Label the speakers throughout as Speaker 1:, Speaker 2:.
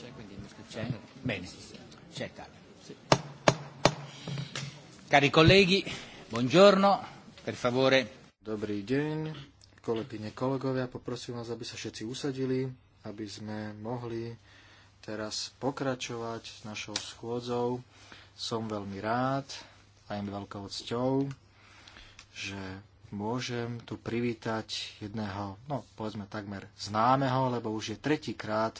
Speaker 1: c'è, quindi c'è. Bene, c'è tale. Sì. Cari colleghi,
Speaker 2: buongiorno, per favore. Dobrý deň, kolegyne, kolegovia, poprosím vás, aby sa všetci usadili, aby sme mohli teraz pokračovať s našou schôdzou. Som veľmi rád a im veľkou cťou, že môžem tu privítať jedného, no povedzme takmer známeho, lebo už je tretíkrát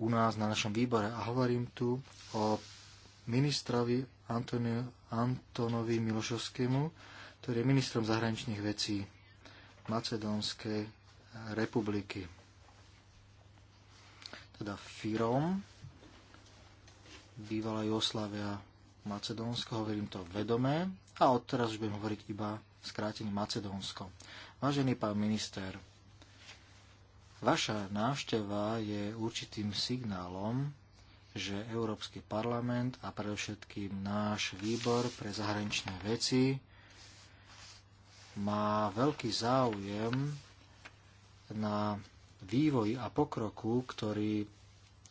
Speaker 2: u nás na našom výbore. A hovorím tu o ministrovi Antonio, Antonovi Milošovskému, ktorý je ministrom zahraničných vecí Macedónskej republiky. Teda Firom, bývalá Jugoslávia Macedónsko, hovorím to vedomé a odteraz už budem hovoriť iba skrátením Macedónsko. Vážený pán minister, Vaša návšteva je určitým signálom, že Európsky parlament a predovšetkým náš výbor pre zahraničné veci má veľký záujem na vývoji a pokroku, ktorý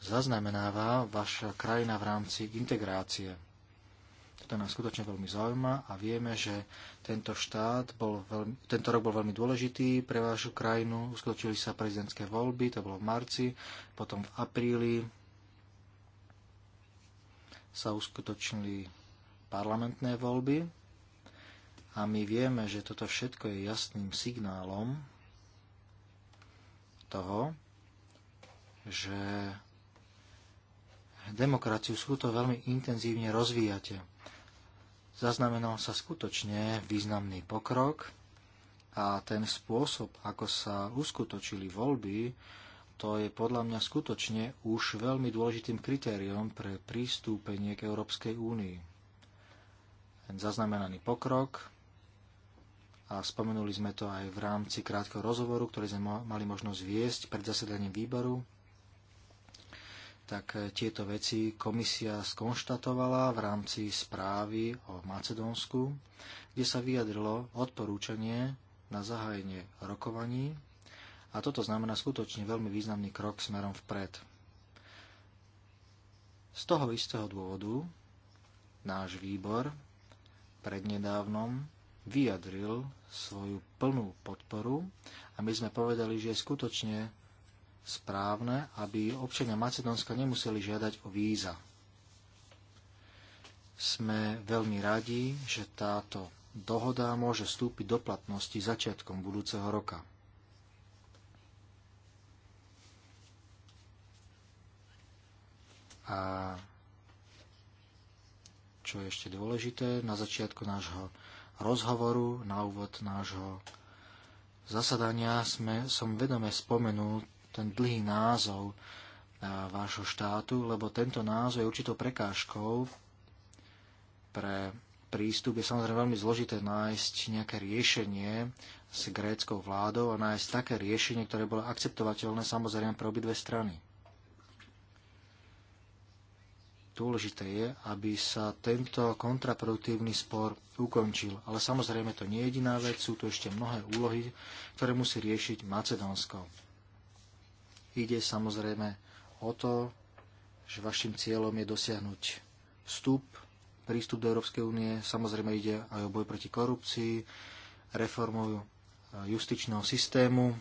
Speaker 2: zaznamenáva vaša krajina v rámci integrácie to nás skutočne veľmi zaujíma a vieme, že tento štát bol veľmi, tento rok bol veľmi dôležitý pre vašu krajinu. Uskutočili sa prezidentské voľby, to bolo v marci, potom v apríli sa uskutočnili parlamentné voľby a my vieme, že toto všetko je jasným signálom toho, že demokraciu sú to veľmi intenzívne rozvíjate. Zaznamenal sa skutočne významný pokrok a ten spôsob, ako sa uskutočili voľby, to je podľa mňa skutočne už veľmi dôležitým kritériom pre prístúpenie k Európskej únii. Ten zaznamenaný pokrok a spomenuli sme to aj v rámci krátkeho rozhovoru, ktorý sme mali možnosť viesť pred zasedaním výboru, tak e, tieto veci komisia skonštatovala v rámci správy o Macedónsku, kde sa vyjadrilo odporúčanie na zahájenie rokovaní a toto znamená skutočne veľmi významný krok smerom vpred. Z toho istého dôvodu náš výbor prednedávnom vyjadril svoju plnú podporu a my sme povedali, že je skutočne správne, aby občania Macedónska nemuseli žiadať o víza. Sme veľmi radi, že táto dohoda môže vstúpiť do platnosti začiatkom budúceho roka. A čo je ešte dôležité, na začiatku nášho rozhovoru, na úvod nášho zasadania sme, som vedome spomenul ten dlhý názov e, vášho štátu, lebo tento názov je určitou prekážkou pre prístup. Je samozrejme veľmi zložité nájsť nejaké riešenie s gréckou vládou a nájsť také riešenie, ktoré bolo akceptovateľné samozrejme pre obidve strany. Dôležité je, aby sa tento kontraproduktívny spor ukončil. Ale samozrejme to nie je jediná vec, sú tu ešte mnohé úlohy, ktoré musí riešiť Macedónsko Ide samozrejme o to, že vašim cieľom je dosiahnuť vstup, prístup do Európskej únie. Samozrejme ide aj o boj proti korupcii, reformu e, justičného systému.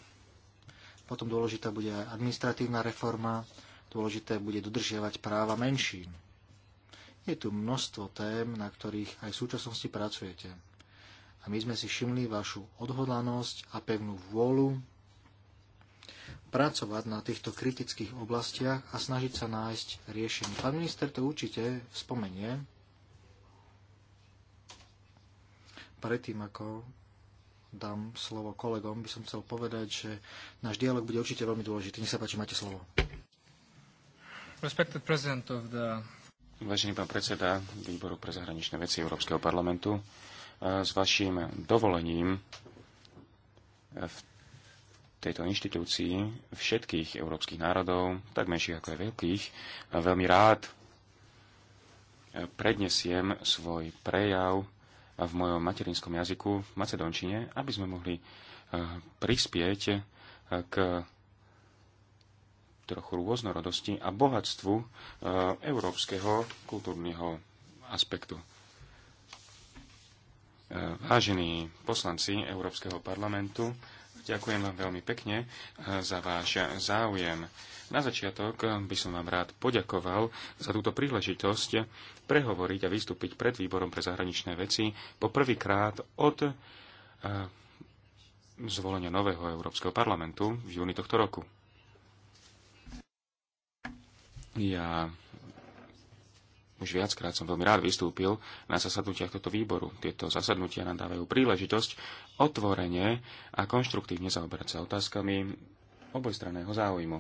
Speaker 2: Potom dôležitá bude aj administratívna reforma. Dôležité bude dodržiavať práva menšín. Je tu množstvo tém, na ktorých aj v súčasnosti pracujete. A my sme si všimli vašu odhodlanosť a pevnú vôľu pracovať na týchto kritických oblastiach a snažiť sa nájsť riešenie. Pán minister to určite spomenie predtým, ako dám slovo kolegom, by som chcel povedať, že náš dialog bude určite veľmi dôležitý. Nech sa páči, máte slovo. Respected president of the...
Speaker 3: Vážený pán predseda Výboru pre zahraničné veci Európskeho parlamentu, eh, s vašim dovolením eh, v tejto inštitúcii všetkých európskych národov, tak menších ako aj veľkých, veľmi rád e, prednesiem svoj prejav v mojom materinskom jazyku v macedončine, aby sme mohli e, prispieť e, k trochu rôznorodosti a bohatstvu európskeho kultúrneho aspektu. Vážení poslanci Európskeho parlamentu, Ďakujem vám veľmi pekne eh, za váš záujem. Na začiatok by som vám rád poďakoval za túto príležitosť prehovoriť a vystúpiť pred výborom pre zahraničné veci po prvýkrát od eh, zvolenia nového Európskeho parlamentu v júni tohto roku. Ja už viackrát som veľmi rád vystúpil na zasadnutiach tohto výboru. Tieto zasadnutia nám dávajú príležitosť otvorene a konštruktívne zaoberať sa otázkami obojstranného záujmu.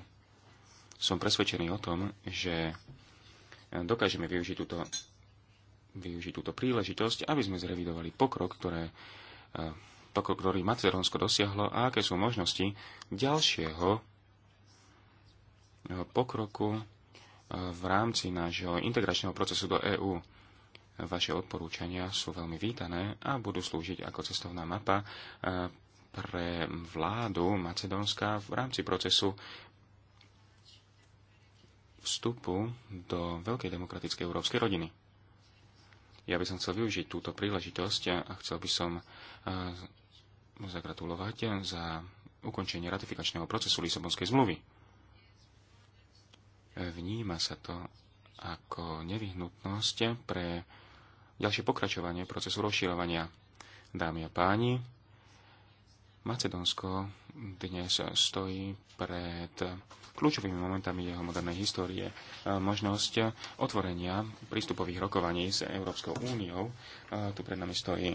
Speaker 3: Som presvedčený o tom, že dokážeme využiť túto, využiť túto príležitosť, aby sme zrevidovali pokrok, ktoré, eh, pokrok, ktorý Macedónsko dosiahlo a aké sú možnosti ďalšieho eh, pokroku v rámci nášho integračného procesu do EÚ. Vaše odporúčania sú veľmi vítané a budú slúžiť ako cestovná mapa e, pre vládu Macedónska v rámci procesu vstupu do veľkej demokratickej európskej rodiny. Ja by som chcel využiť túto príležitosť a chcel by som e, zagratulovať za ukončenie ratifikačného procesu Lisabonskej zmluvy. Vníma sa to ako nevyhnutnosť pre ďalšie pokračovanie procesu rozširovania. Dámy a páni, Macedónsko dnes stojí pred kľúčovými momentami jeho modernej histórie. Možnosť otvorenia prístupových rokovaní s Európskou úniou tu pred nami stojí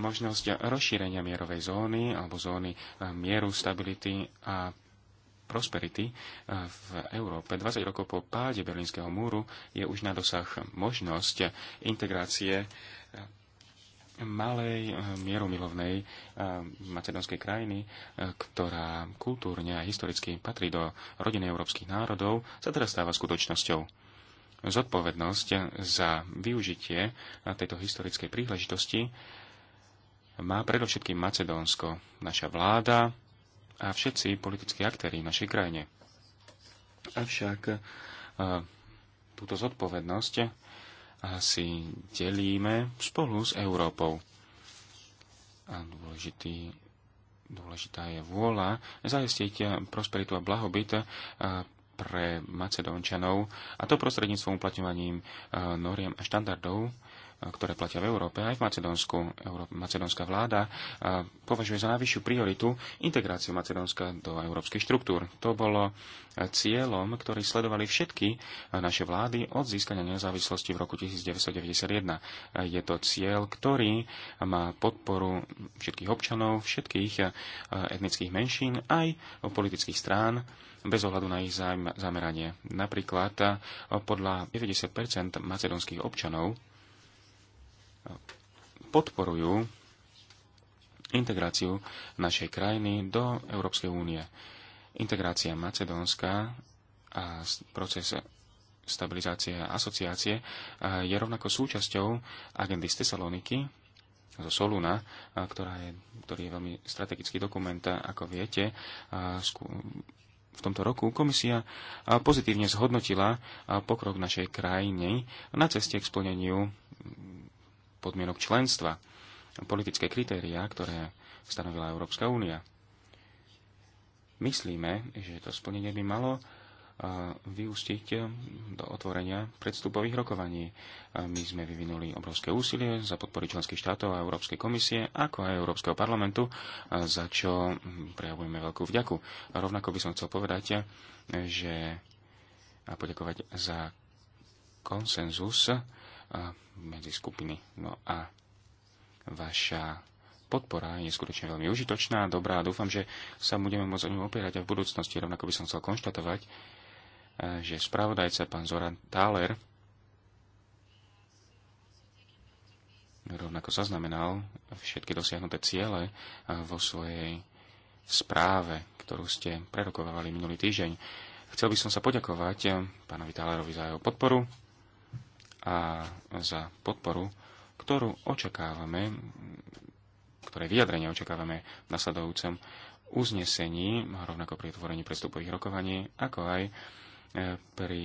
Speaker 3: možnosť rozšírenia mierovej zóny alebo zóny mieru, stability a prosperity e, v Európe 20 rokov po páde Berlínskeho múru je už na dosah možnosť integrácie e, malej e, mieromilovnej macedónskej krajiny, ktorá kultúrne a historicky patrí do rodiny európskych národov, sa teraz stáva skutočnosťou zodpovednosť za využitie tejto historickej príležitosti má predovšetkým Macedónsko. Naša vláda, a všetci politickí aktéry v našej krajine. Avšak e, túto zodpovednosť si delíme spolu s Európou. A dôležitý, dôležitá je vôľa zajistiť prosperitu a blahobyt e, pre Macedónčanov a to prostredníctvom uplatňovaním e, noriem a štandardov, ktoré platia v Európe, aj v Macedónsku. macedónska vláda považuje za najvyššiu prioritu integráciu Macedónska do európskych štruktúr. To bolo cieľom, ktorý sledovali všetky naše vlády od získania nezávislosti v roku 1991. Je to cieľ, ktorý má podporu všetkých občanov, všetkých etnických menšín, aj politických strán, bez ohľadu na ich zameranie. Napríklad podľa 90 macedónskych občanov podporujú integráciu našej krajiny do Európskej únie. Integrácia Macedónska a proces stabilizácie a asociácie je rovnako súčasťou agendy z Tesaloniky, zo Soluna, ktorá je, ktorý je veľmi strategický dokument, ako viete. V tomto roku komisia pozitívne zhodnotila pokrok našej krajiny na ceste k splneniu podmienok členstva, politické kritériá, ktoré stanovila Európska únia. Myslíme, že to splnenie by malo vyústiť do otvorenia predstupových rokovaní. My sme vyvinuli obrovské úsilie za podpory členských štátov a Európskej komisie, ako aj Európskeho parlamentu, za čo prejavujeme veľkú vďaku. A rovnako by som chcel povedať, že a poďakovať za konsenzus, medzi skupiny. No a vaša podpora je skutočne veľmi užitočná, dobrá a dúfam, že sa budeme môcť o ňu opierať aj v budúcnosti. Rovnako by som chcel konštatovať, e, že spravodajca pán Zoran Thaler rovnako zaznamenal všetky dosiahnuté ciele e, vo svojej správe, ktorú ste prerokovali minulý týždeň. Chcel by som sa poďakovať e, pánovi Thalerovi za jeho podporu a za podporu, ktorú očakávame, ktoré vyjadrenie očakávame v nasledujúcom uznesení, rovnako pri otvorení prestupových rokovaní, ako aj e, pri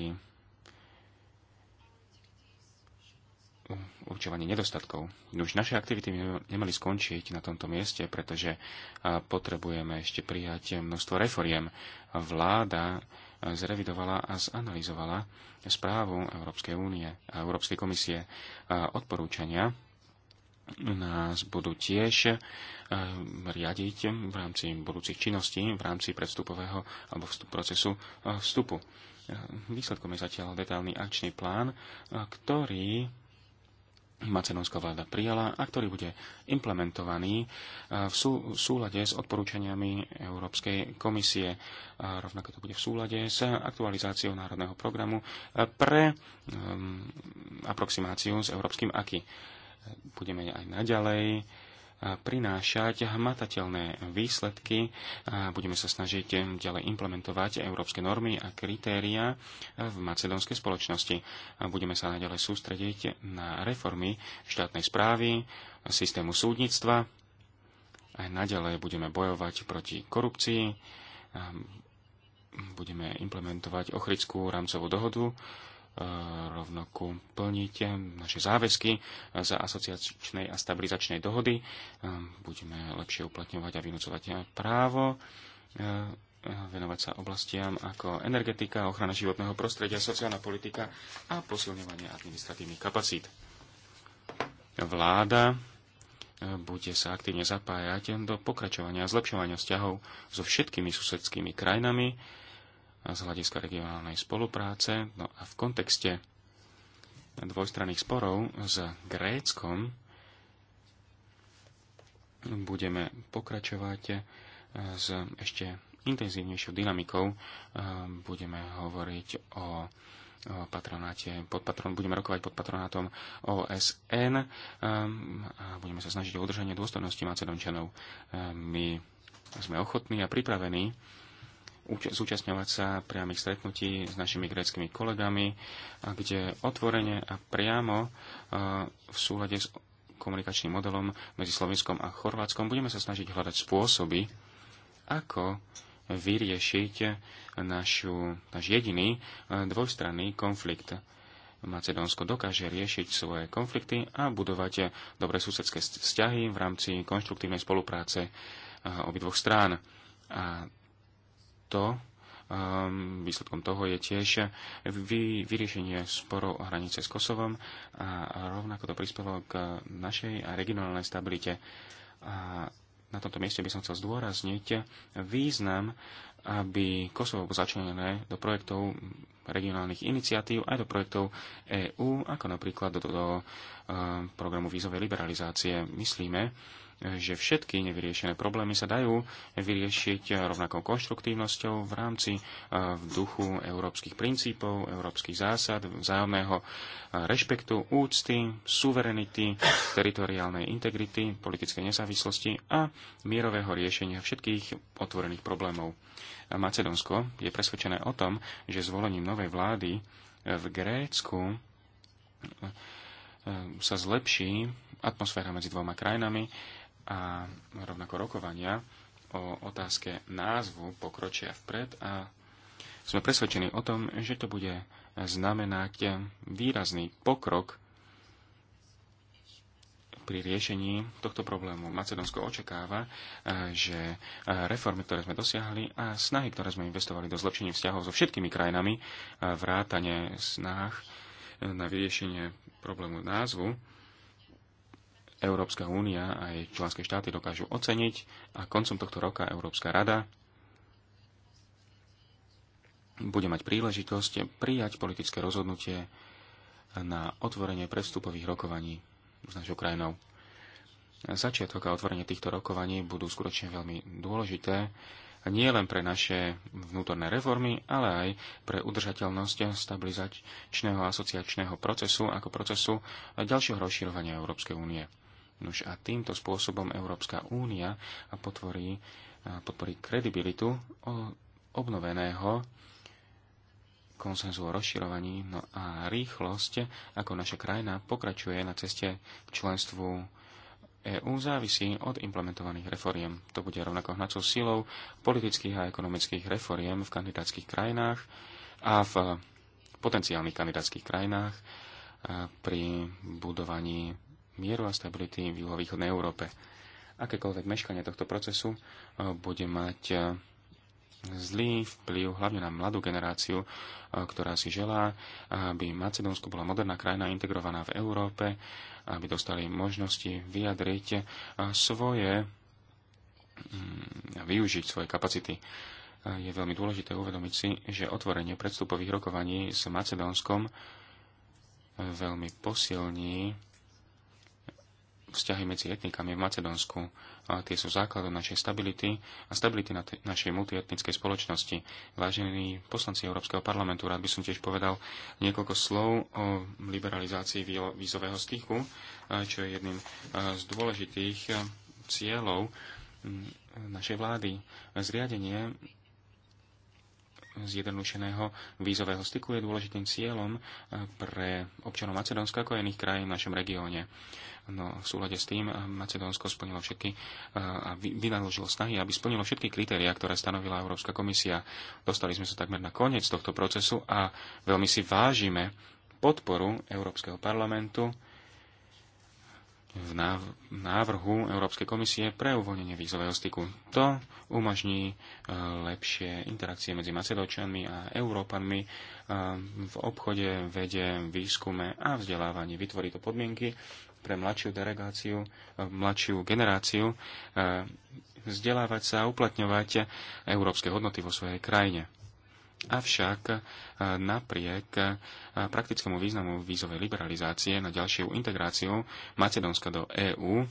Speaker 3: určovaní nedostatkov. Už naše aktivity by nemali skončiť na tomto mieste, pretože e, potrebujeme ešte prijať množstvo reforiem. Vláda zrevidovala a zanalizovala správu Európskej únie a Európskej komisie odporúčania nás budú tiež e, riadiť v rámci budúcich činností, v rámci predstupového alebo vstup, procesu e, vstupu. E, výsledkom je zatiaľ detailný akčný plán, ktorý macedónska vláda prijala a ktorý bude implementovaný e, v súlade s odporúčaniami Európskej komisie. A e, rovnako to bude v súlade s aktualizáciou národného programu e, pre aproximáciu s európskym AKI. Budeme aj naďalej prinášať hmatateľné výsledky. Budeme sa snažiť ďalej implementovať európske normy a kritéria v macedónskej spoločnosti. Budeme sa naďalej sústrediť na reformy štátnej správy, systému súdnictva. Aj naďalej budeme bojovať proti korupcii. Budeme implementovať Ochrickú rámcovú dohodu E, rovnako plniť naše záväzky za asociačnej a stabilizačnej dohody. E, budeme lepšie uplatňovať a vynúcovať právo e, venovať sa oblastiam ako energetika, ochrana životného prostredia, sociálna politika a posilňovanie administratívnych kapacít. Vláda bude sa aktívne zapájať do pokračovania a zlepšovania vzťahov so všetkými susedskými krajinami, z hľadiska regionálnej spolupráce. No a v kontexte dvojstranných sporov s Gréckom budeme pokračovať eh, s ešte intenzívnejšou dynamikou. Eh, budeme hovoriť o patronáte, pod patron, budeme rokovať pod patronátom OSN eh, a budeme sa snažiť o udržanie dôstojnosti Macedončanov. My sme ochotní a pripravení zúčastňovať sa priamých stretnutí s našimi gréckými kolegami, kde otvorene a priamo e, v súlade s komunikačným modelom medzi Slovenskom a Chorvátskom budeme sa snažiť hľadať spôsoby, ako vyriešiť našu, náš jediný e, dvojstranný konflikt. Macedónsko dokáže riešiť svoje konflikty a budovať dobré susedské vzťahy v rámci konštruktívnej spolupráce e, obidvoch strán. A to, um, výsledkom toho je tiež vy, vyriešenie sporov o hranice s Kosovom a rovnako to prispelo k našej a regionálnej stabilite. A na tomto mieste by som chcel zdôrazniť význam, aby Kosovo bolo začlenené do projektov regionálnych iniciatív aj do projektov EÚ, ako napríklad do, do, do ehm, programu vízovej liberalizácie. Myslíme, že všetky nevyriešené problémy sa dajú vyriešiť rovnakou konštruktívnosťou v rámci e, v duchu európskych princípov, európskych zásad, vzájomného e, rešpektu, úcty, suverenity, teritoriálnej integrity, politickej nezávislosti a mierového riešenia všetkých otvorených problémov. Macedónsko je presvedčené o tom, že zvolením novej vlády e, v Grécku sa zlepší atmosféra medzi dvoma krajinami a rovnako rokovania o otázke názvu pokročia vpred a sme presvedčení o tom, že to bude znamenať výrazný pokrok pri riešení tohto problému. Macedónsko očakáva, eh, že eh, reformy, ktoré sme dosiahli a snahy, ktoré sme investovali do zlepšenia vzťahov so všetkými krajinami, eh, vrátane snah na vyriešenie problému názvu, Európska únia a jej členské štáty dokážu oceniť a koncom tohto roka Európska rada bude mať príležitosť prijať politické rozhodnutie na otvorenie predstupových rokovaní s našou krajinou. Začiatok a otvorenie týchto rokovaní budú skutočne veľmi dôležité nie len pre naše vnútorné reformy, ale aj pre udržateľnosť stabilizačného asociačného procesu ako procesu ďalšieho rozširovania Európskej únie. Nož a týmto spôsobom Európska únia potvorí, podporí kredibilitu obnoveného konsenzu o rozširovaní no a rýchlosť, ako naša krajina pokračuje na ceste k členstvu EÚ závisí od implementovaných reforiem. To bude rovnako hnacou silou politických a ekonomických reforiem v kandidátskych krajinách a v potenciálnych kandidátskych krajinách pri budovaní mieru a stability v juhovýchodnej Európe. Akékoľvek meškanie tohto procesu e, bude mať e, zlý vplyv hlavne na mladú generáciu, e, ktorá si želá, aby Macedónsko bola moderná krajina integrovaná v Európe, aby dostali možnosti vyjadriť svoje mm, a využiť svoje kapacity. Je veľmi dôležité uvedomiť si, že otvorenie predstupových rokovaní s Macedónskom veľmi posilní vzťahy medzi etnikami v Macedónsku. tie sú základom našej stability a stability na našej multietnickej spoločnosti. Vážení poslanci Európskeho parlamentu, rád by som tiež povedal niekoľko slov o liberalizácii vízového styku, čo je jedným z dôležitých cieľov našej vlády. Zriadenie zjednodušeného vízového styku je dôležitým cieľom pre občanov Macedónska ako aj iných krajín v našom regióne. No, v súlade s tým eh, Macedónsko splnilo všetky eh, a vynaložilo snahy, aby splnilo všetky kritériá, ktoré stanovila Európska komisia. Dostali sme sa takmer na koniec tohto procesu a veľmi si vážime podporu Európskeho parlamentu v návrhu Európskej komisie pre uvoľnenie vízového styku. To umožní eh, lepšie interakcie medzi Macedóčanmi a Európanmi v obchode, vede, výskume a vzdelávaní. Vytvorí to podmienky pre mladšiu delegáciu, e, mladšiu generáciu e, vzdelávať sa a uplatňovať európske hodnoty vo svojej krajine. Avšak e, napriek praktickému významu vízovej liberalizácie na ďalšiu integráciu Macedónska do EÚ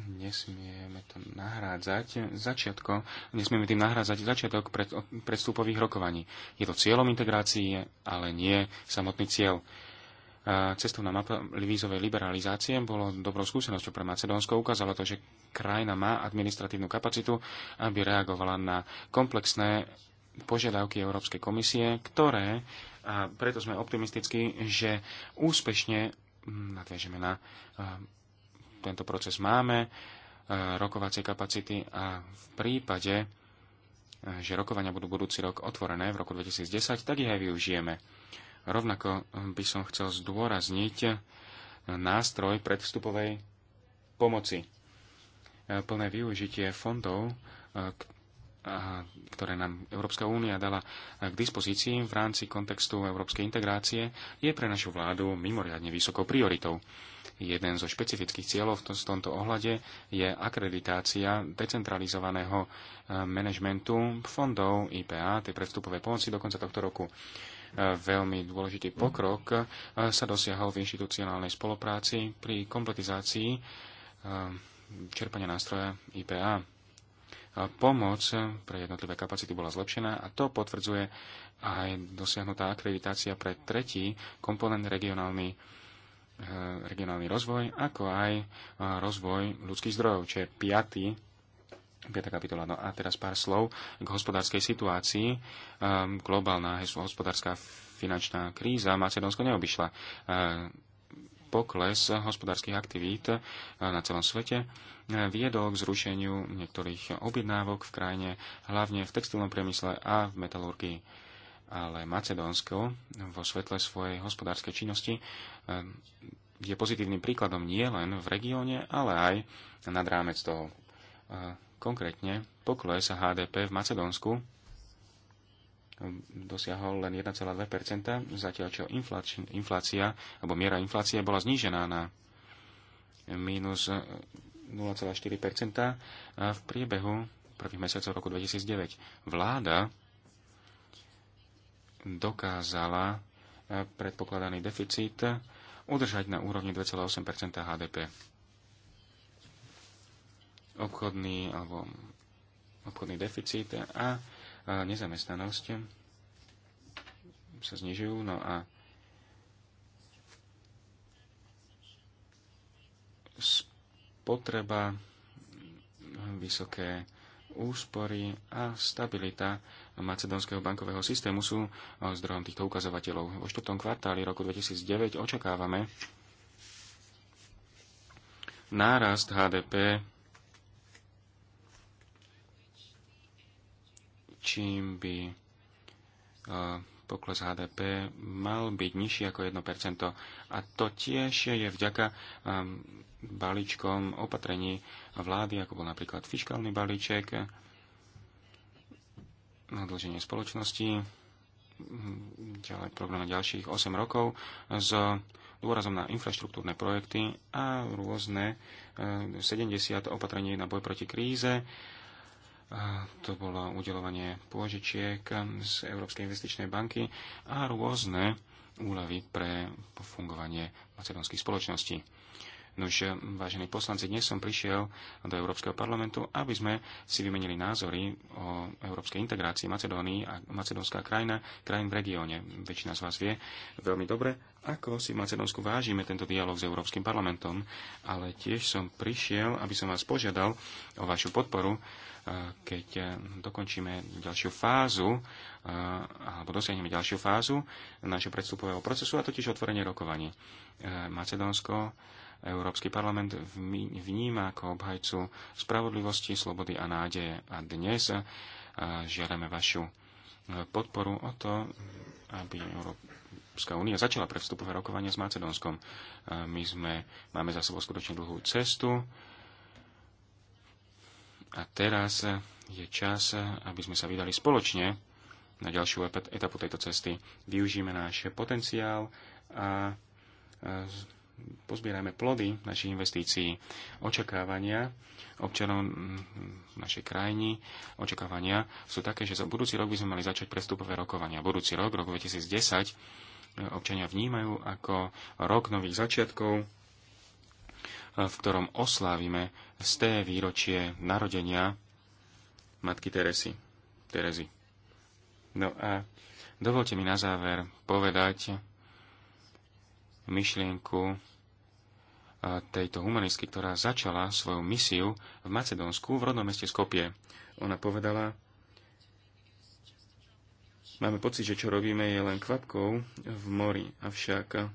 Speaker 3: nesmieme to nahrádzať začiatko, nesmieme tým nahrádzať začiatok pred, predstupových rokovaní. Je to cieľom integrácie, ale nie samotný cieľ cestovná mapa vízovej liberalizácie bolo dobrou skúsenosťou pre Macedónsko. Ukázalo to, že krajina má administratívnu kapacitu, aby reagovala na komplexné požiadavky Európskej komisie, ktoré, a preto sme optimistickí, že úspešne hm, nadviažeme na tento proces máme, rokovacie kapacity a v prípade, že rokovania budú budúci rok otvorené v roku 2010, tak ich aj využijeme Rovnako eh, by som chcel zdôrazniť eh, nástroj predvstupovej pomoci. Eh, plné využitie fondov, ktoré nám Európska únia dala k dispozícii v rámci kontextu európskej integrácie, je pre našu vládu mimoriadne vysokou prioritou. Jeden zo špecifických cieľov v tomto ohľade je akreditácia decentralizovaného manažmentu fondov IPA, tej predstupovej pomoci do konca tohto roku veľmi dôležitý pokrok eh, sa dosiahol v inštitucionálnej spolupráci pri kompletizácii eh, čerpania nástroja IPA. Pomoc pre jednotlivé kapacity bola zlepšená a to potvrdzuje aj dosiahnutá akreditácia pre tretí komponent regionálny, eh, regionálny rozvoj, ako aj rozvoj ľudských zdrojov, čo je piatý 5. kapitola. No a teraz pár slov k hospodárskej situácii. Um, globálna hospodárska finančná kríza Macedónsko neobyšla. Um, pokles hospodárskych aktivít e, na celom svete e, viedol k zrušeniu niektorých objednávok v krajine, hlavne v textilnom priemysle a v metalurgii. Ale Macedónsko vo svetle svojej hospodárskej činnosti um, je pozitívnym príkladom nie len v regióne, ale aj nad rámec toho. Konkrétne pokles HDP v Macedónsku dosiahol len 1,2%, zatiaľ čo inflácia, inflácia alebo miera inflácie bola znížená na minus 0,4% v priebehu prvých mesiacov roku 2009. Vláda dokázala e, predpokladaný deficit udržať na úrovni 2,8% HDP obchodný alebo obchodný deficit a nezamestnanosť sa znižujú. No a spotreba, vysoké úspory a stabilita macedónskeho bankového systému sú e, zdrojom týchto ukazovateľov. Vo štvrtom kvartáli roku 2009 očakávame nárast HDP čím by e, pokles HDP mal byť nižší ako 1%. A to tiež je vďaka ehm, balíčkom opatrení vlády, ako bol napríklad fiskálny balíček, nadlženie spoločnosti, ďalej program na ďalších 8 rokov s dôrazom na infraštruktúrne projekty a rôzne 70 e, opatrení na boj proti kríze, to bolo udelovanie pôžičiek z Európskej investičnej banky a rôzne úľavy pre fungovanie macedónskych spoločností. Nož, vážení poslanci, dnes som prišiel do Európskeho parlamentu, aby sme si vymenili názory o európskej integrácii Macedónii a macedónska krajina, krajín v regióne. Väčšina z vás vie veľmi dobre, ako si v Macedónsku vážime tento dialog s Európskym parlamentom, ale tiež som prišiel, aby som vás požiadal o vašu podporu, keď e, dokončíme ďalšiu fázu, alebo dosiahneme ďalšiu fázu našeho predstupového procesu, a totiž otvorenie rokovaní. E, Macedónsko Európsky parlament vníma ako obhajcu spravodlivosti, slobody a nádeje. A dnes e, žiadame vašu e, podporu o to, aby Európska únia začala pre vstupové rokovania s Macedónskom. E, my sme, máme za sebou skutočne dlhú cestu a teraz je čas, aby sme sa vydali spoločne na ďalšiu etapu tejto cesty využijeme náš potenciál a pozbierajme plody našich investícií, očakávania občanov našej krajiny, očakávania sú také, že za budúci rok by sme mali začať prestupové rokovania. Budúci rok, rok 2010, občania vnímajú ako rok nových začiatkov, v ktorom oslávime z té výročie narodenia matky Teresy. Terezy. No a dovolte mi na záver povedať myšlienku tejto humanistky, ktorá začala svoju misiu v Macedónsku, v rodnom meste Skopie. Ona povedala, máme pocit, že čo robíme je len kvapkou v mori, avšak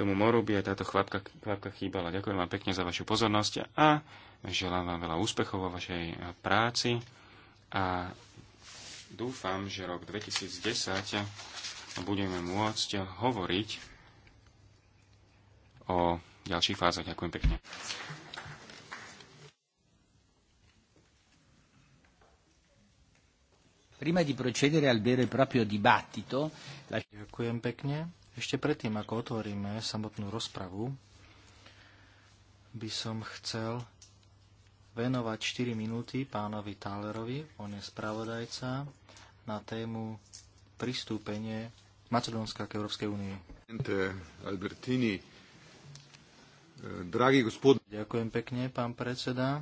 Speaker 3: tomu moru by aj táto kvapka, kvapka chýbala. Ďakujem vám pekne za vašu pozornosť a želám vám veľa úspechov vo vašej práci a dúfam, že rok 2010 budeme môcť hovoriť o ďalších fázach. Ďakujem pekne.
Speaker 2: Prima di procedere al vero e proprio dibattito... Ďakujem pekne. Ešte predtým, ako otvoríme samotnú rozpravu, by som chcel venovať 4 minúty pánovi Tálerovi, on je spravodajca, na tému pristúpenie Macedónska k Európskej únii. Albertini gospod... Ďakujem pekne, pán predseda.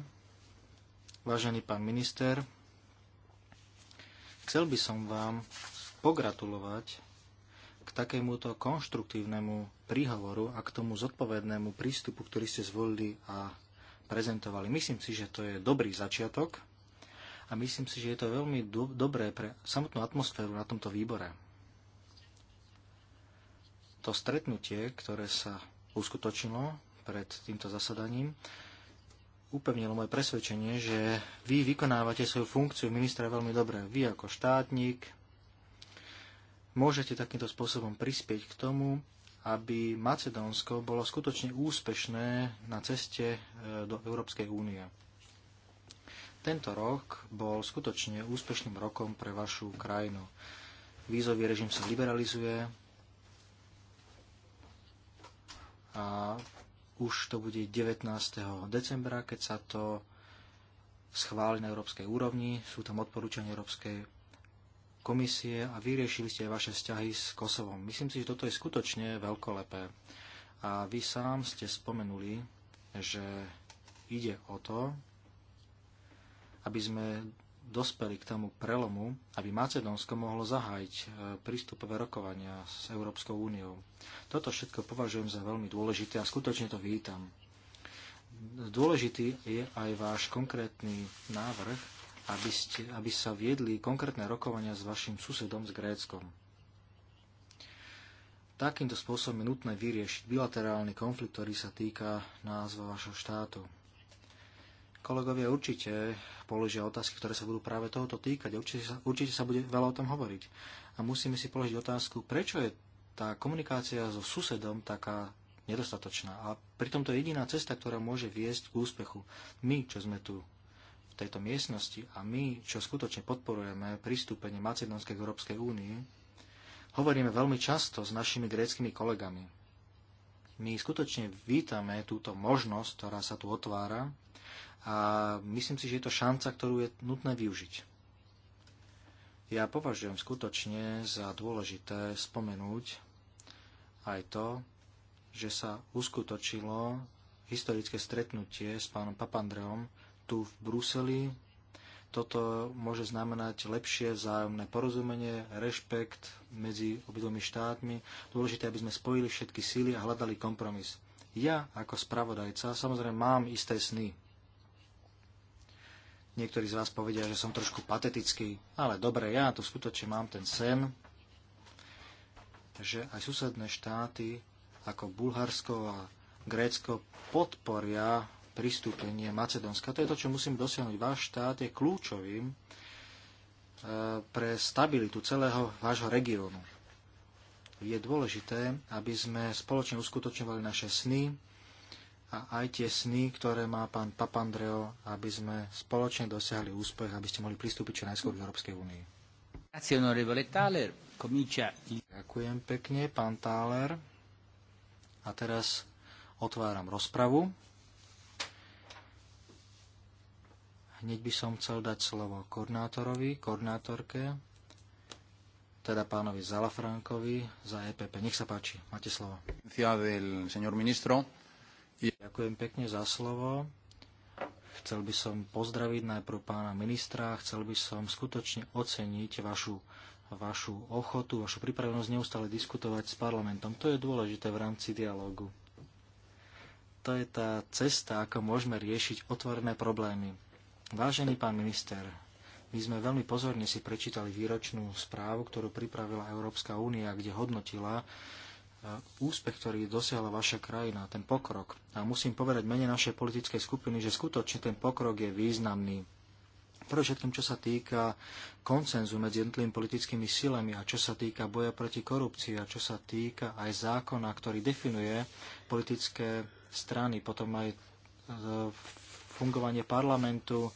Speaker 2: Vážený pán minister, chcel by som vám pogratulovať k takémuto konštruktívnemu príhovoru a k tomu zodpovednému prístupu, ktorý ste zvolili a prezentovali. Myslím si, že to je dobrý začiatok a myslím si, že je to veľmi do- dobré pre samotnú atmosféru na tomto výbore. To stretnutie, ktoré sa uskutočnilo, pred týmto zasadaním upevnilo moje presvedčenie, že vy vykonávate svoju funkciu ministra veľmi dobre. Vy ako štátnik môžete takýmto spôsobom prispieť k tomu, aby Macedónsko bolo skutočne úspešné na ceste e, do Európskej únie. Tento rok bol skutočne úspešným rokom pre vašu krajinu. Vízový režim sa liberalizuje a už to bude 19. decembra, keď sa to schváli na európskej úrovni. Sú tam odporúčania Európskej komisie a vyriešili ste aj vaše vzťahy s Kosovom. Myslím si, že toto je skutočne veľkolepé. A vy sám ste spomenuli, že ide o to, aby sme dospeli k tomu prelomu, aby Macedónsko mohlo zahájiť e, prístupové rokovania s Európskou úniou. Toto všetko považujem za veľmi dôležité a skutočne to vítam. Dôležitý je aj váš konkrétny návrh, aby, ste, aby sa viedli konkrétne rokovania s vašim susedom s Gréckom. Takýmto spôsobom je nutné vyriešiť bilaterálny konflikt, ktorý sa týka názva vašho štátu. Kolegovia určite položia otázky, ktoré sa budú práve tohoto týkať. Určite sa, určite sa bude veľa o tom hovoriť. A musíme si položiť otázku, prečo je tá komunikácia so susedom taká nedostatočná. A pritom to je jediná cesta, ktorá môže viesť k úspechu. My, čo sme tu v tejto miestnosti a my, čo skutočne podporujeme pristúpenie Macedónskej Európskej únie, hovoríme veľmi často s našimi gréckými kolegami. My skutočne vítame túto možnosť, ktorá sa tu otvára a myslím si, že je to šanca, ktorú je nutné využiť. Ja považujem skutočne za dôležité spomenúť aj to, že sa uskutočilo historické stretnutie s pánom Papandreom tu v Bruseli toto môže znamenať lepšie vzájomné porozumenie, rešpekt medzi obidvomi štátmi. Dôležité, aby sme spojili všetky síly a hľadali kompromis. Ja ako spravodajca samozrejme mám isté sny. Niektorí z vás povedia, že som trošku patetický, ale dobre, ja tu skutočne mám ten sen, že aj susedné štáty ako Bulharsko a Grécko podporia pristúpenie Macedónska. To je to, čo musím dosiahnuť. Váš štát je kľúčovým e, pre stabilitu celého vášho regiónu. Je dôležité, aby sme spoločne uskutočňovali naše sny a aj tie sny, ktoré má pán Papandreo, aby sme spoločne dosiahli úspech, aby ste mohli pristúpiť čo najskôr v Európskej únii. Ďakujem pekne, pán Táler. A teraz otváram rozpravu. hneď by som chcel dať slovo koordinátorovi, koordinátorke, teda pánovi Zalafrankovi za EPP. Nech sa páči, máte slovo. Ďakujem pekne za slovo. Chcel by som pozdraviť najprv pána ministra, chcel by som skutočne oceniť vašu, vašu ochotu, vašu pripravenosť neustále diskutovať s parlamentom. To je dôležité v rámci dialógu. To je tá cesta, ako môžeme riešiť otvorené problémy. Vážený pán minister, my sme veľmi pozorne si prečítali výročnú správu, ktorú pripravila Európska únia, kde hodnotila e, úspech, ktorý dosiahla vaša krajina, ten pokrok. A musím povedať mene našej politickej skupiny, že skutočne ten pokrok je významný. Pre všetkým, čo sa týka koncenzu medzi jednotlivými politickými silami a čo sa týka boja proti korupcii a čo sa týka aj zákona, ktorý definuje politické strany, potom aj e, fungovanie parlamentu,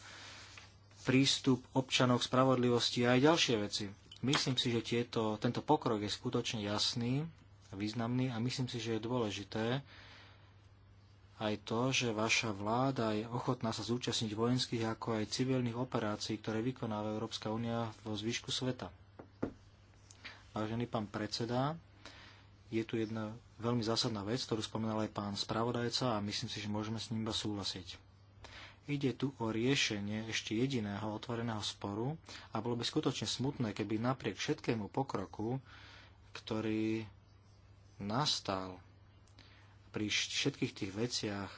Speaker 2: prístup občanov k spravodlivosti a aj ďalšie veci. Myslím si, že tieto, tento pokrok je skutočne jasný a významný a myslím si, že je dôležité aj to, že vaša vláda je ochotná sa zúčastniť vojenských ako aj civilných operácií, ktoré vykonáva Európska únia vo zvyšku sveta. Vážený pán predseda, je tu jedna veľmi zásadná vec, ktorú spomínal aj pán spravodajca a myslím si, že môžeme s ním iba súhlasiť. Ide tu o riešenie ešte jediného otvoreného sporu a bolo by skutočne smutné, keby napriek všetkému pokroku, ktorý nastal pri všetkých tých veciach,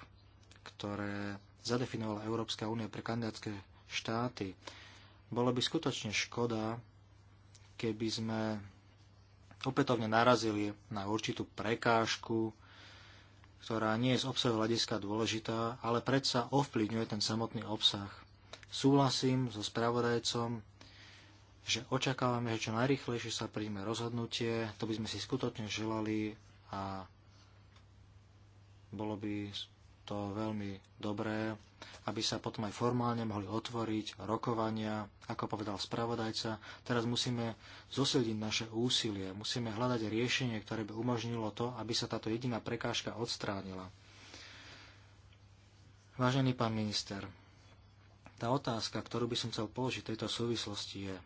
Speaker 2: ktoré zadefinovala Európska únia pre kandidátske štáty, bolo by skutočne škoda, keby sme opätovne narazili na určitú prekážku, ktorá nie je z obsahu hľadiska dôležitá, ale predsa ovplyvňuje ten samotný obsah. Súhlasím so spravodajcom, že očakávame, že čo najrychlejšie sa príjme rozhodnutie, to by sme si skutočne želali a bolo by to veľmi dobré, aby sa potom aj formálne mohli otvoriť rokovania, ako povedal spravodajca. Teraz musíme zosediť naše úsilie, musíme hľadať riešenie, ktoré by umožnilo to, aby sa táto jediná prekážka odstránila. Vážený pán minister, tá otázka, ktorú by som chcel položiť v tejto súvislosti je,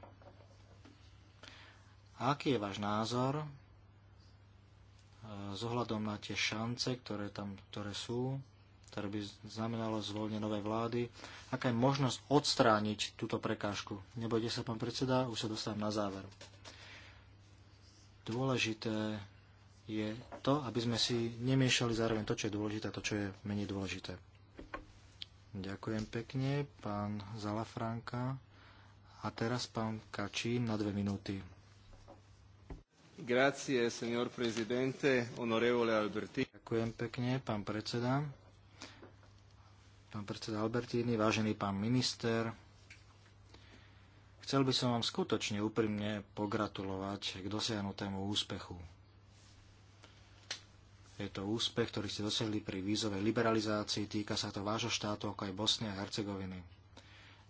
Speaker 2: aký je váš názor Zohľadom eh, na tie šance, ktoré tam ktoré sú ktoré by znamenalo zvolenie novej vlády. Aká je možnosť odstrániť túto prekážku? Nebojte sa, pán predseda, už sa dostávam na záver. Dôležité je to, aby sme si nemiešali zároveň to, čo je dôležité a to, čo je menej dôležité. Ďakujem pekne, pán Zalafranka. A teraz pán Kačín na dve minúty.
Speaker 1: Grazie, signor presidente,
Speaker 2: onorevole Alberti. Ďakujem pekne, pán predseda pán predseda Albertíny, vážený pán minister. Chcel by som vám skutočne úprimne pogratulovať k dosiahnutému úspechu. Je to úspech, ktorý ste dosiahli pri vízovej liberalizácii, týka sa to vášho štátu, ako aj Bosny a Hercegoviny.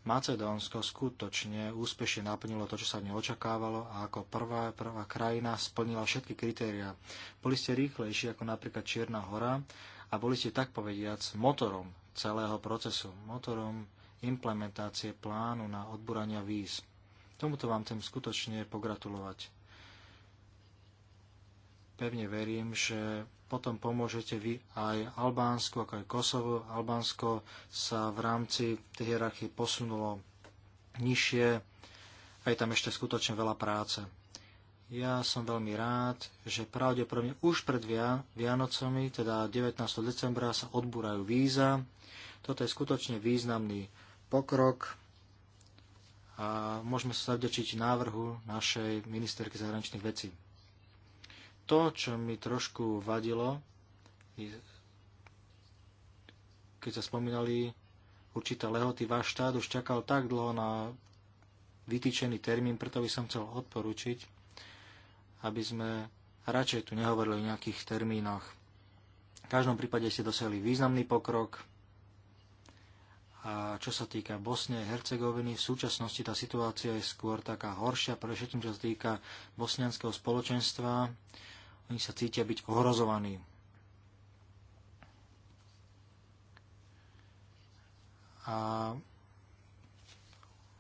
Speaker 2: Macedónsko skutočne úspešne naplnilo to, čo sa neočakávalo a ako prvá, prvá krajina splnila všetky kritériá. Boli ste rýchlejší ako napríklad Čierna hora a boli ste tak povediac motorom celého procesu, motorom implementácie plánu na odburania víz. Tomuto vám chcem skutočne pogratulovať. Pevne verím, že potom pomôžete vy aj Albánsku, ako aj Kosovo. Albánsko sa v rámci tej hierarchie posunulo nižšie a je tam ešte skutočne veľa práce. Ja som veľmi rád, že pravdepodobne už pred Vianocami, teda 19. decembra, sa odbúrajú víza. Toto je skutočne významný pokrok a môžeme sa zavdečiť návrhu našej ministerky zahraničných vecí. To, čo mi trošku vadilo, keď sa spomínali určité lehoty, váš štát už čakal tak dlho na vytýčený termín, preto by som chcel odporučiť, aby sme radšej tu nehovorili o nejakých termínoch. V každom prípade ste dosiahli významný pokrok. A čo sa týka Bosne a Hercegoviny, v súčasnosti tá situácia je skôr taká horšia, pre všetkým, čo sa týka bosnianského spoločenstva. Oni sa cítia byť ohrozovaní. A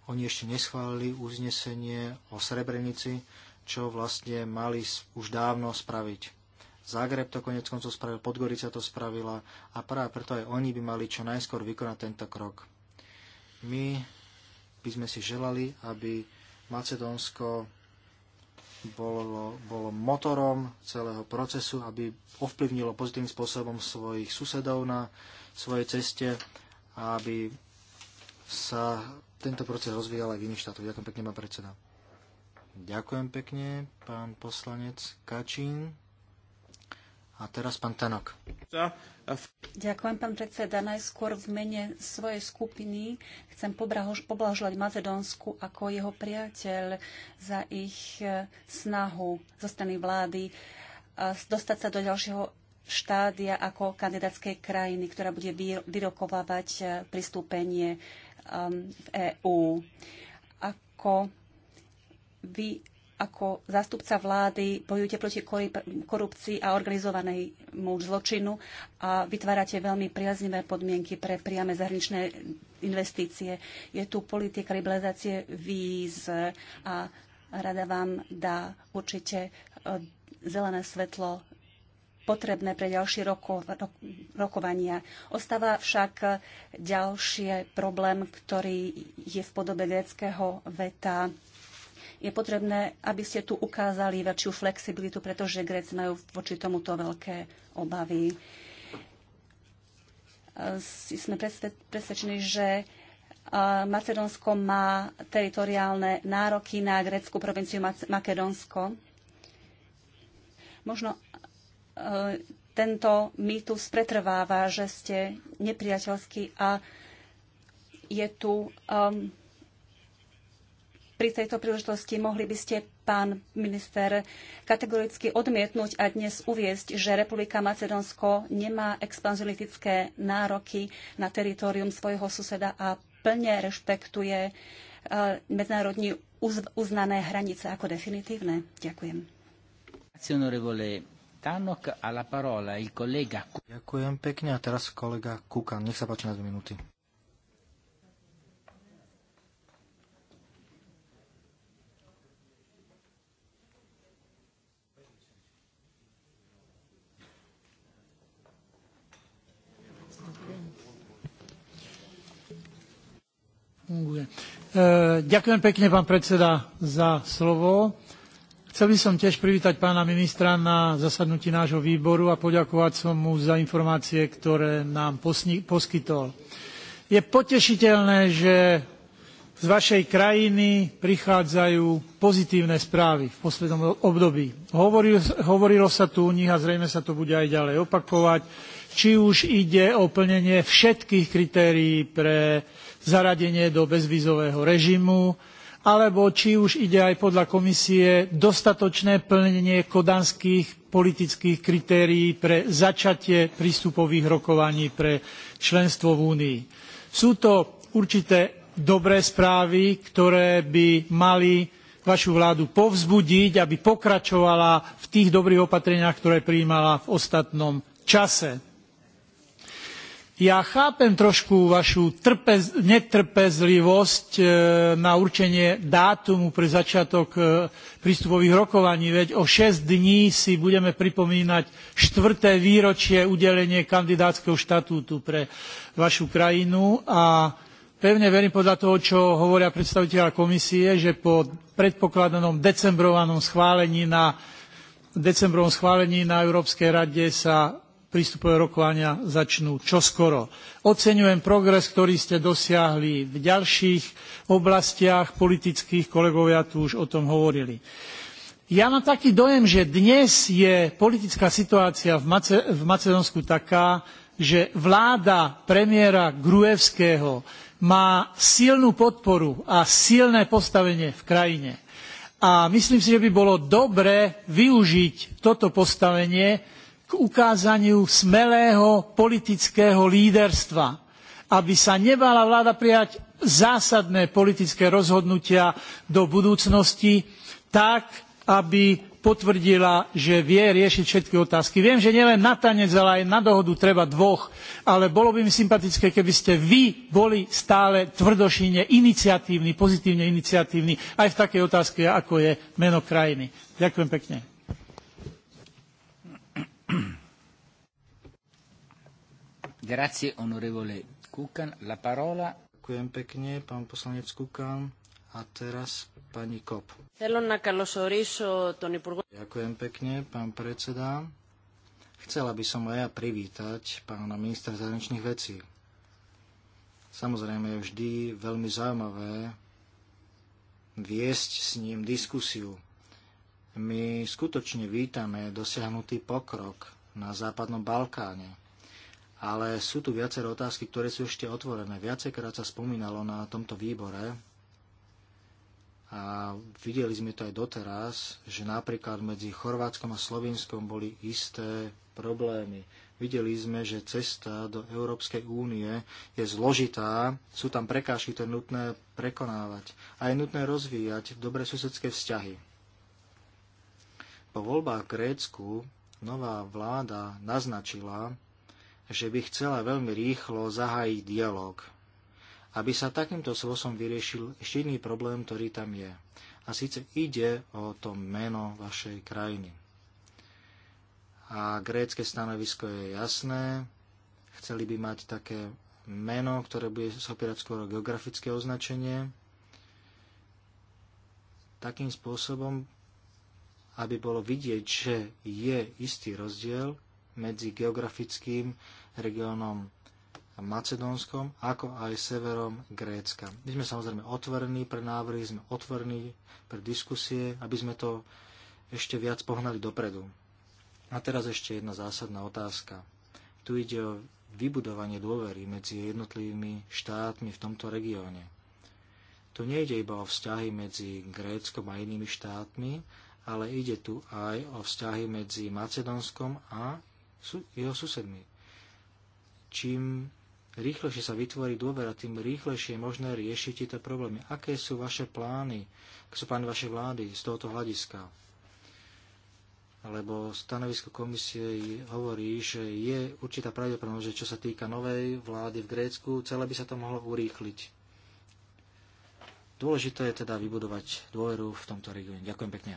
Speaker 2: oni ešte neschválili uznesenie o Srebrenici, čo vlastne mali už dávno spraviť. Zagreb to konec koncov spravil, Podgorica to spravila a práve preto aj oni by mali čo najskôr vykonať tento krok. My by sme si želali, aby Macedónsko bolo, bolo motorom celého procesu, aby ovplyvnilo pozitívnym spôsobom svojich susedov na svojej ceste a aby sa tento proces rozvíjal aj v iných štátoch. Ďakujem pekne, pán predseda. Ďakujem pekne, pán poslanec Kačín. A teraz pán Tanok.
Speaker 4: Ďakujem, pán predseda. Najskôr v mene svojej skupiny chcem poblahožľať Macedónsku ako jeho priateľ za ich e, snahu zo strany vlády e, dostať sa do ďalšieho štádia ako kandidátskej krajiny, ktorá bude vyrokovávať e, pristúpenie v EÚ. Ako vy ako zástupca vlády bojujete proti korupcii a organizovanému zločinu a vytvárate veľmi priaznivé podmienky pre priame zahraničné investície. Je tu politika liberalizácie víz a rada vám dá určite e, zelené svetlo potrebné pre ďalšie roko, ro, rokovania. Ostáva však ďalšie problém, ktorý je v podobe greckého veta je potrebné, aby ste tu ukázali väčšiu flexibilitu, pretože Gréci majú voči tomuto veľké obavy. E, sme presvedčení, že e, Macedónsko má teritoriálne nároky na grécku provinciu Makedónsko. Možno e, tento mýtus pretrváva, že ste nepriateľskí a je tu um, pri tejto príležitosti mohli by ste, pán minister, kategoricky odmietnúť a dnes uviesť, že Republika Macedónsko nemá expanzionistické nároky na teritorium svojho suseda a plne rešpektuje e, medzinárodne uznané hranice ako definitívne? Ďakujem.
Speaker 2: Ďakujem pekne a teraz kolega Kukan. Nech sa páči na dve minúty.
Speaker 1: funguje. E, ďakujem pekne, pán predseda, za slovo. Chcel by som tiež privítať pána ministra na zasadnutí nášho výboru a poďakovať som mu za informácie, ktoré nám poskytol. Je potešiteľné, že z vašej krajiny prichádzajú pozitívne správy v poslednom období. Hovorilo, sa tu o nich a zrejme sa to bude aj ďalej opakovať, či už ide o plnenie všetkých kritérií pre zaradenie do bezvízového režimu, alebo či už ide aj podľa komisie dostatočné plnenie kodanských politických kritérií pre začatie prístupových rokovaní pre členstvo v Únii. Sú to určité dobré správy, ktoré by mali vašu vládu povzbudiť, aby pokračovala v tých dobrých opatreniach, ktoré prijímala v ostatnom čase. Ja chápem trošku vašu trpez, netrpezlivosť e, na určenie dátumu pre začiatok e, prístupových rokovaní, veď o 6 dní si budeme pripomínať štvrté výročie udelenie kandidátskeho štatútu pre vašu krajinu a pevne verím podľa toho, čo hovoria predstaviteľa komisie, že po predpokladanom decembrovanom schválení na decembrovom schválení na Európskej rade sa prístupové rokovania začnú čoskoro. Oceňujem progres, ktorý ste dosiahli v ďalších oblastiach politických, kolegovia tu už o tom hovorili. Ja mám taký dojem, že dnes je politická situácia v, Mace- v Macedónsku taká, že vláda premiéra Gruevského má silnú podporu a silné postavenie v krajine. A myslím si, že by bolo dobré využiť toto postavenie k ukázaniu smelého politického líderstva, aby sa nebala vláda prijať zásadné politické rozhodnutia do budúcnosti tak, aby potvrdila, že vie riešiť všetky otázky. Viem, že nielen na tanec, ale aj na dohodu treba dvoch, ale bolo by mi sympatické, keby ste vy boli stále tvrdošine iniciatívni, pozitívne iniciatívni aj v takej otázke, ako je meno krajiny. Ďakujem pekne. Grazie, onorevole Kukan.
Speaker 2: La parola... Ďakujem pekne, pán poslanec Kukan. A teraz pani Kop. Ďakujem pekne, pán predseda. Chcela by som aj ja privítať pána ministra zahraničných vecí. Samozrejme je vždy veľmi zaujímavé viesť s ním diskusiu. My skutočne vítame dosiahnutý pokrok na Západnom Balkáne. Ale sú tu viaceré otázky, ktoré sú ešte otvorené. Viacejkrát sa spomínalo na tomto výbore a videli sme to aj doteraz, že napríklad medzi Chorvátskom a Slovinskom boli isté problémy. Videli sme, že cesta do Európskej únie je zložitá, sú tam prekážky, to je nutné prekonávať a je nutné rozvíjať dobre susedské vzťahy. Po voľbách v Grécku nová vláda naznačila, že by chcela veľmi rýchlo zahájiť dialog, aby sa takýmto spôsobom vyriešil ešte iný problém, ktorý tam je. A síce ide o to meno vašej krajiny. A grécke stanovisko je jasné. Chceli by mať také meno, ktoré bude sopírať skôr geografické označenie. Takým spôsobom aby bolo vidieť, že je istý rozdiel medzi geografickým regiónom Macedónskom, ako aj severom Grécka. My sme samozrejme otvorení pre návrhy, sme otvorení pre diskusie, aby sme to ešte viac pohnali dopredu. A teraz ešte jedna zásadná otázka. Tu ide o vybudovanie dôvery medzi jednotlivými štátmi v tomto regióne. Tu nejde iba o vzťahy medzi Gréckom a inými štátmi, ale ide tu aj o vzťahy medzi Macedónskom a jeho susedmi. Čím rýchlejšie sa vytvorí dôvera, tým rýchlejšie je možné riešiť tieto problémy. Aké sú vaše plány, aké sú plány vašej vlády z tohoto hľadiska? Lebo stanovisko komisie hovorí, že je určitá pravdepodobnosť, že čo sa týka novej vlády v Grécku, celé by sa to mohlo urýchliť. Dôležité je teda vybudovať dôveru v tomto regióne. Ďakujem pekne.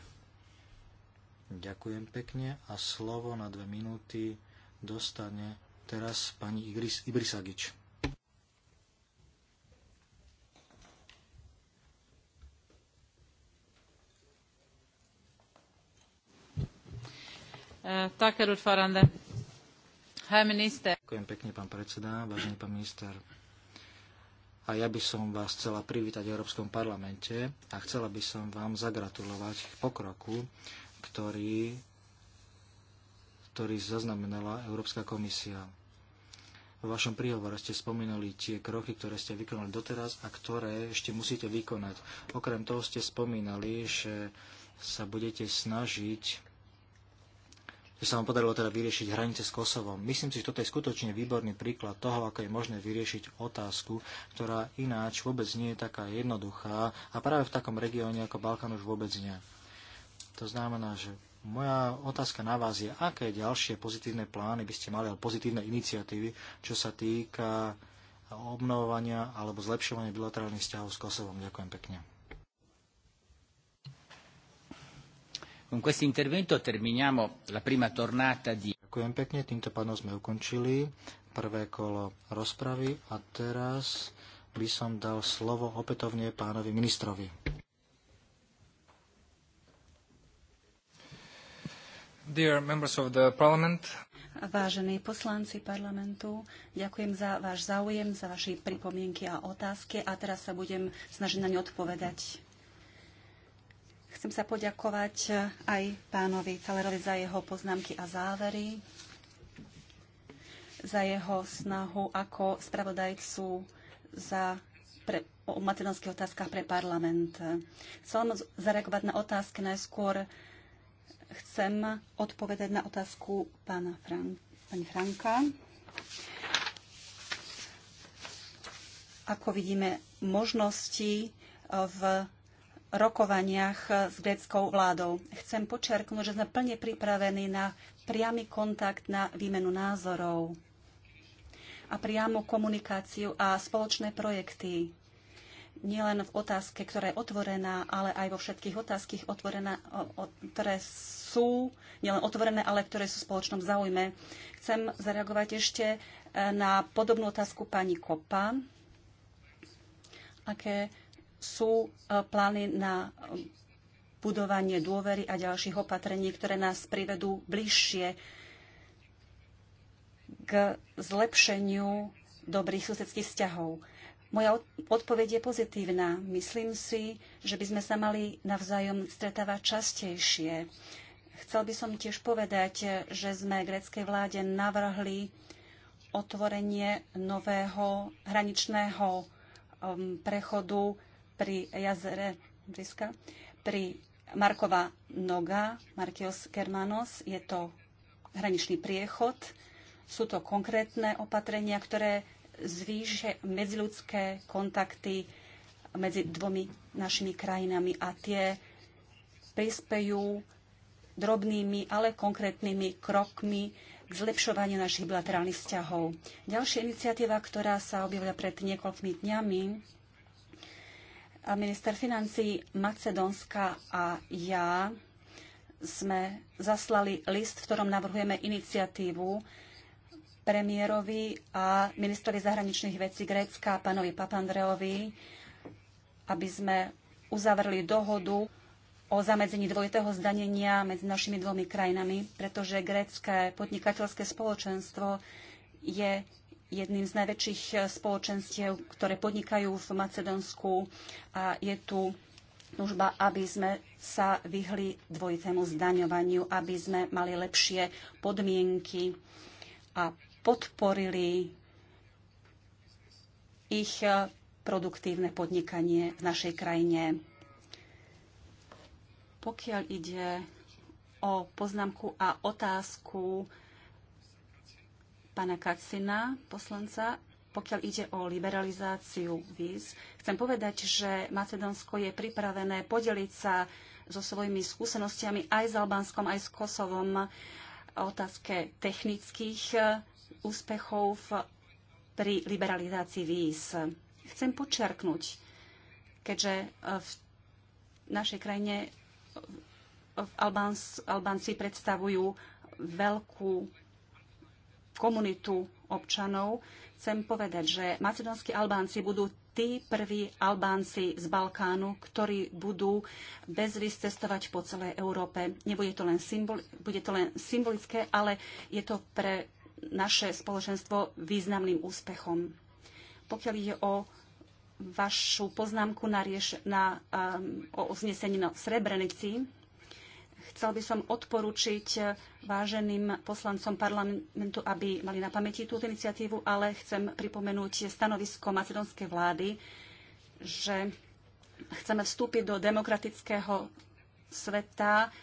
Speaker 2: Ďakujem pekne a slovo na dve minúty dostane teraz pani Igris Ibrisagič.
Speaker 4: Eh,
Speaker 2: Ďakujem pekne, pán predseda, vážený pán minister. A ja by som vás chcela privítať v Európskom parlamente a chcela by som vám zagratulovať k pokroku, ktorý, ktorý zaznamenala Európska komisia. V vašom príhovore ste spomínali tie kroky, ktoré ste vykonali doteraz a ktoré ešte musíte vykonať. Okrem toho ste spomínali, že sa budete snažiť, že sa vám podarilo teda vyriešiť hranice s Kosovom. Myslím si, že toto je skutočne výborný príklad toho, ako je možné vyriešiť otázku, ktorá ináč vôbec nie je taká jednoduchá a práve v takom regióne ako Balkán už vôbec nie. To znamená, že moja otázka na vás je, aké ďalšie pozitívne plány by ste mali, alebo pozitívne iniciatívy, čo sa týka obnovovania alebo zlepšovania bilaterálnych vzťahov s Kosovom. Ďakujem pekne. Con questo intervento terminiamo la prima tornata di... Ďakujem pekne, týmto pádom sme ukončili prvé kolo rozpravy a teraz by som dal slovo opätovne pánovi ministrovi. Dear members of the parliament.
Speaker 4: Vážení poslanci parlamentu, ďakujem za váš záujem, za vaše pripomienky a otázky a teraz sa budem snažiť na ne odpovedať. Chcem sa poďakovať aj pánovi Talerovi za jeho poznámky a závery, za jeho snahu ako spravodajcu za pre, o materiálských otázkach pre parlament. Chcem zareagovať na otázky najskôr chcem odpovedať na otázku pána Fran- pani Franka. Ako vidíme možnosti e, v rokovaniach e, s gréckou vládou. Chcem počerknúť, že sme plne pripravení na priamy kontakt na výmenu názorov a priamu komunikáciu a spoločné projekty nielen v otázke, ktorá je otvorená, ale aj vo všetkých otázkach, ktoré sú nielen otvorené, ale ktoré sú v spoločnom záujme. Chcem zareagovať ešte e, na podobnú otázku pani Kopa. Aké sú e, plány na budovanie dôvery a ďalších opatrení, ktoré nás privedú bližšie k zlepšeniu dobrých susedských vzťahov. Moja odpoveď je pozitívna. Myslím si, že by sme sa mali navzájom stretávať častejšie. Chcel by som tiež povedať, že sme greckej vláde navrhli otvorenie nového hraničného um, prechodu pri jazere Briska, pri Markova Noga, Markios Germanos. Je to hraničný priechod. Sú to konkrétne opatrenia, ktoré zvýšia medziludské kontakty medzi dvomi našimi krajinami a tie prispejú drobnými, ale konkrétnymi krokmi k zlepšovaniu našich bilaterálnych vzťahov. Ďalšia iniciatíva, ktorá sa objavila pred niekoľkými dňami, a minister financí Macedónska a ja sme zaslali list, v ktorom navrhujeme iniciatívu premiérovi a ministrovi zahraničných vecí Grécka, pánovi Papandreovi, aby sme uzavreli dohodu o zamedzení dvojitého zdanenia medzi našimi dvomi krajinami, pretože grécké podnikateľské spoločenstvo je jedným z najväčších spoločenstiev, ktoré podnikajú v Macedónsku a je tu túžba, aby sme sa vyhli dvojitému zdaňovaniu, aby sme mali lepšie podmienky a podporili ich produktívne podnikanie v našej krajine. Pokiaľ ide o poznámku a otázku pána Kacina, poslanca, pokiaľ ide o liberalizáciu víz, chcem povedať, že Macedónsko je pripravené podeliť sa so svojimi skúsenostiami aj s Albánskom, aj s Kosovom o otázke technických úspechov pri liberalizácii víz. Chcem počerknúť, keďže eh, v našej krajine Albáns, Albánci predstavujú veľkú komunitu občanov. Chcem povedať, že macedonskí Albánci budú tí prví Albánci z Balkánu, ktorí budú bez rys cestovať po celej Európe. Nebude to len, symbol, bude to len symbolické, ale je to pre naše spoločenstvo významným úspechom. Pokiaľ ide o vašu poznámku na, rieš, na um, o uznesení na Srebrenici. Chcel by som odporučiť váženým poslancom parlamentu, aby mali na pamäti túto iniciatívu, ale chcem pripomenúť stanovisko macedónskej vlády, že chceme vstúpiť do demokratického sveta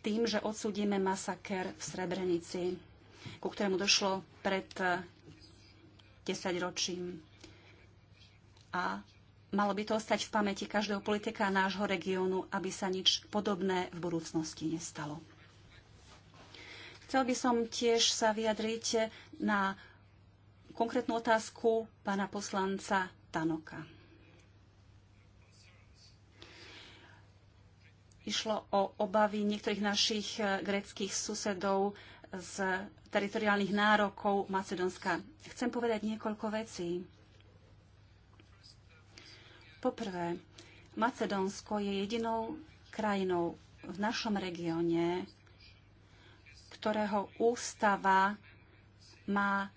Speaker 4: tým, že odsúdime masaker v Srebrenici, ku ktorému došlo pred 10 uh, ročím a malo by to ostať v pamäti každého politika nášho regiónu, aby sa nič podobné v budúcnosti nestalo. Chcel by som tiež sa vyjadriť na konkrétnu otázku pána poslanca Tanoka. Išlo o obavy niektorých našich eh, greckých susedov z teritoriálnych nárokov Macedónska. Chcem povedať niekoľko vecí. Poprvé, Macedónsko je jedinou krajinou v našom regióne, ktorého ústava má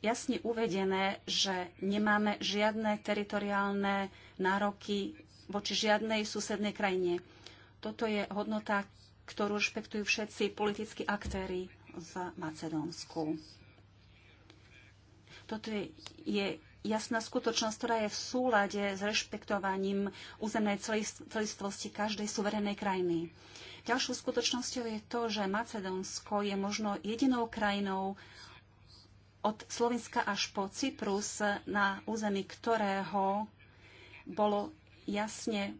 Speaker 4: jasne uvedené, že nemáme žiadne teritoriálne nároky voči žiadnej susednej krajine. Toto je hodnota, ktorú rešpektujú všetci politickí aktéry v Macedónsku. Toto je jasná skutočnosť, ktorá je v súlade s rešpektovaním územnej celistvosti každej suverenej krajiny. Ďalšou skutočnosťou je to, že Macedónsko je možno jedinou krajinou od Slovenska až po Cyprus, na území ktorého bolo jasne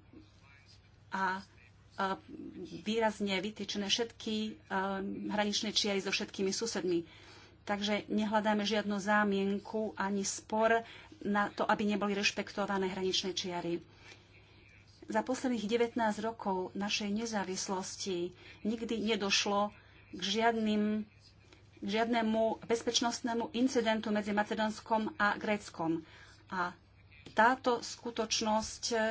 Speaker 4: a výrazne vytýčené všetky hraničné čiary so všetkými susedmi. Takže nehľadáme žiadnu zámienku ani spor na to, aby neboli rešpektované hraničné čiary. Za posledných 19 rokov našej nezávislosti nikdy nedošlo k žiadnym k žiadnemu bezpečnostnému incidentu medzi Macedónskom a Gréckom. A táto skutočnosť eh,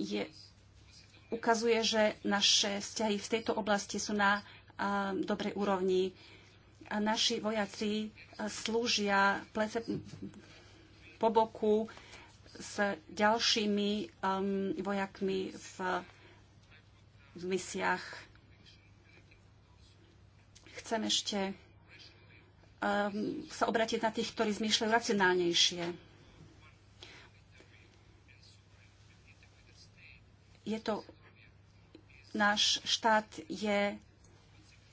Speaker 4: je, ukazuje, že naše vzťahy v tejto oblasti sú na a, eh, dobrej úrovni naši vojaci e, slúžia plece po boku s ďalšími um, vojakmi v, v misiách. Chcem ešte um, sa obratiť na tých, ktorí zmýšľajú racionálnejšie. Je to, náš štát je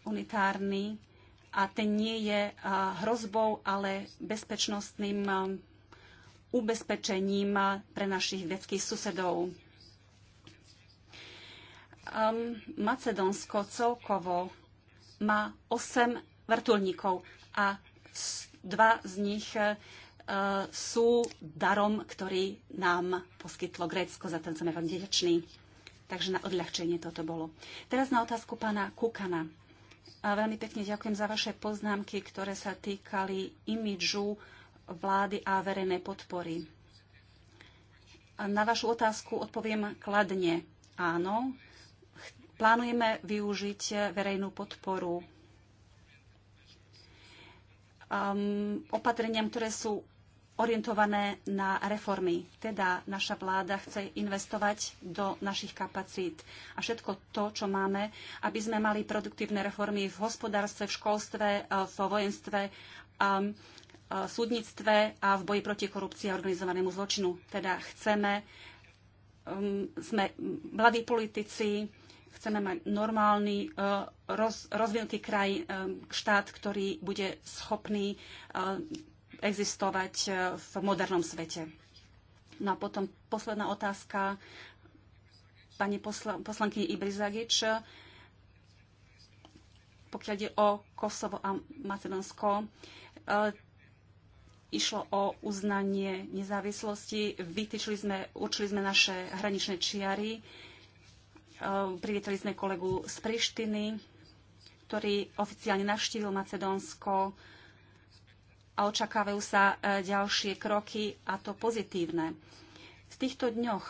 Speaker 4: unitárny a ten nie je hrozbou, ale bezpečnostným ubezpečením pre našich greckých susedov. Macedónsko celkovo má 8 vrtulníkov a dva z nich e, e, sú darom, ktorý nám poskytlo Grécko. Za ten sme vám vďační. Takže na odľahčenie toto bolo. Teraz na otázku pána Kukana a veľmi pekne ďakujem za vaše poznámky, ktoré sa týkali imidžu vlády a verejnej podpory. A na vašu otázku odpoviem kladne. Áno, plánujeme využiť verejnú podporu um, opatreniam, ktoré sú orientované na reformy. Teda naša vláda chce investovať do našich kapacít a všetko to, čo máme, aby sme mali produktívne reformy v hospodárstve, v školstve, eh, v vojenstve, eh, v súdnictve a v boji proti korupcii a organizovanému zločinu. Teda chceme, mm, sme mladí politici, chceme mať normálny, eh, rozvinutý kraj, štát, ktorý bude schopný existovať e, v modernom svete. No a potom posledná otázka pani posl- poslanky Ibrizagič. E, pokiaľ ide o Kosovo a Macedónsko, e, išlo o uznanie nezávislosti. Vytýčili sme, určili sme naše hraničné čiary. E, privietali sme kolegu z Prištiny, ktorý oficiálne navštívil Macedónsko a očakávajú sa e, ďalšie kroky a to pozitívne. V týchto dňoch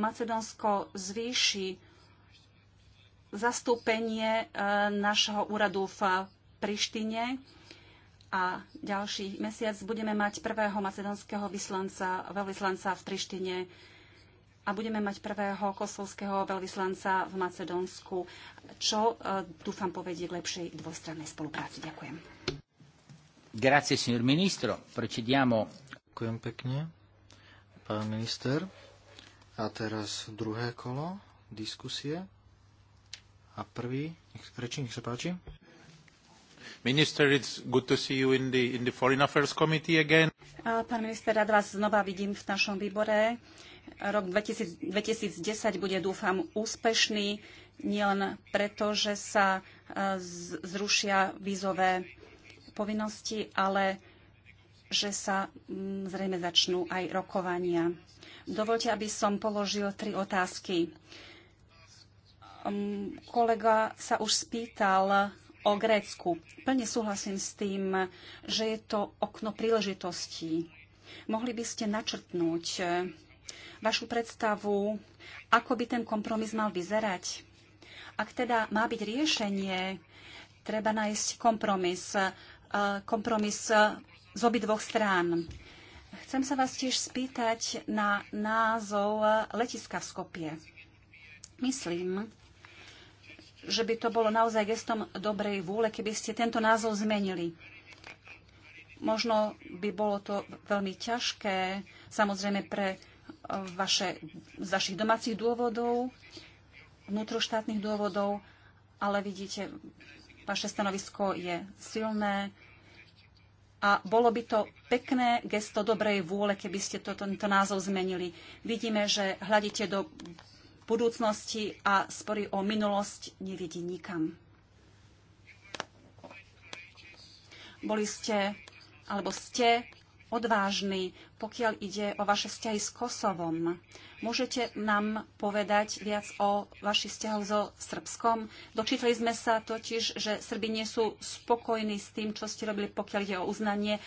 Speaker 4: Macedónsko zvýši zastúpenie e, našho úradu v Prištine a ďalší mesiac budeme mať prvého macedonského vyslanca, veľvyslanca v Prištine a budeme mať prvého kosovského veľvyslanca v Macedónsku, čo e, dúfam povedie k lepšej dvojstrannej spolupráci. Ďakujem.
Speaker 1: Grazie, signor ministro. Procediamo.
Speaker 2: Ďakujem pekne, pán minister. A teraz druhé kolo diskusie. A prvý, nech, reči, nech sa páči.
Speaker 1: Minister, it's good to see you in the, in the Foreign Affairs Committee again.
Speaker 4: Pán minister, rád vás znova vidím v našom výbore. Rok 2000, 2010 bude, dúfam, úspešný, nielen preto, že sa e, zrušia vízové povinnosti, ale že sa mm, zrejme začnú aj rokovania. Dovolte, aby som položil tri otázky. Mm, kolega sa už spýtal o Grécku. Plne súhlasím s tým, že je to okno príležitostí. Mohli by ste načrtnúť eh, vašu predstavu, ako by ten kompromis mal vyzerať. Ak teda má byť riešenie, treba nájsť kompromis kompromis z obidvoch strán. Chcem sa vás tiež spýtať na názov letiska v Skopie. Myslím, že by to bolo naozaj gestom dobrej vôle, keby ste tento názov zmenili. Možno by bolo to veľmi ťažké, samozrejme pre e, vaše, z vašich domácich dôvodov, vnútroštátnych dôvodov, ale vidíte, vaše stanovisko je silné a bolo by to pekné gesto dobrej vôle, keby ste to, tento názov zmenili. Vidíme, že hľadíte do budúcnosti a spory o minulosť nevidí nikam. Boli ste, alebo ste odvážni, pokiaľ ide o vaše vzťahy s Kosovom. Môžete nám povedať viac o vašich vzťahoch so Srbskom? Dočítali sme sa totiž, že Srbi nie sú spokojní s tým, čo ste robili, pokiaľ ide o uznanie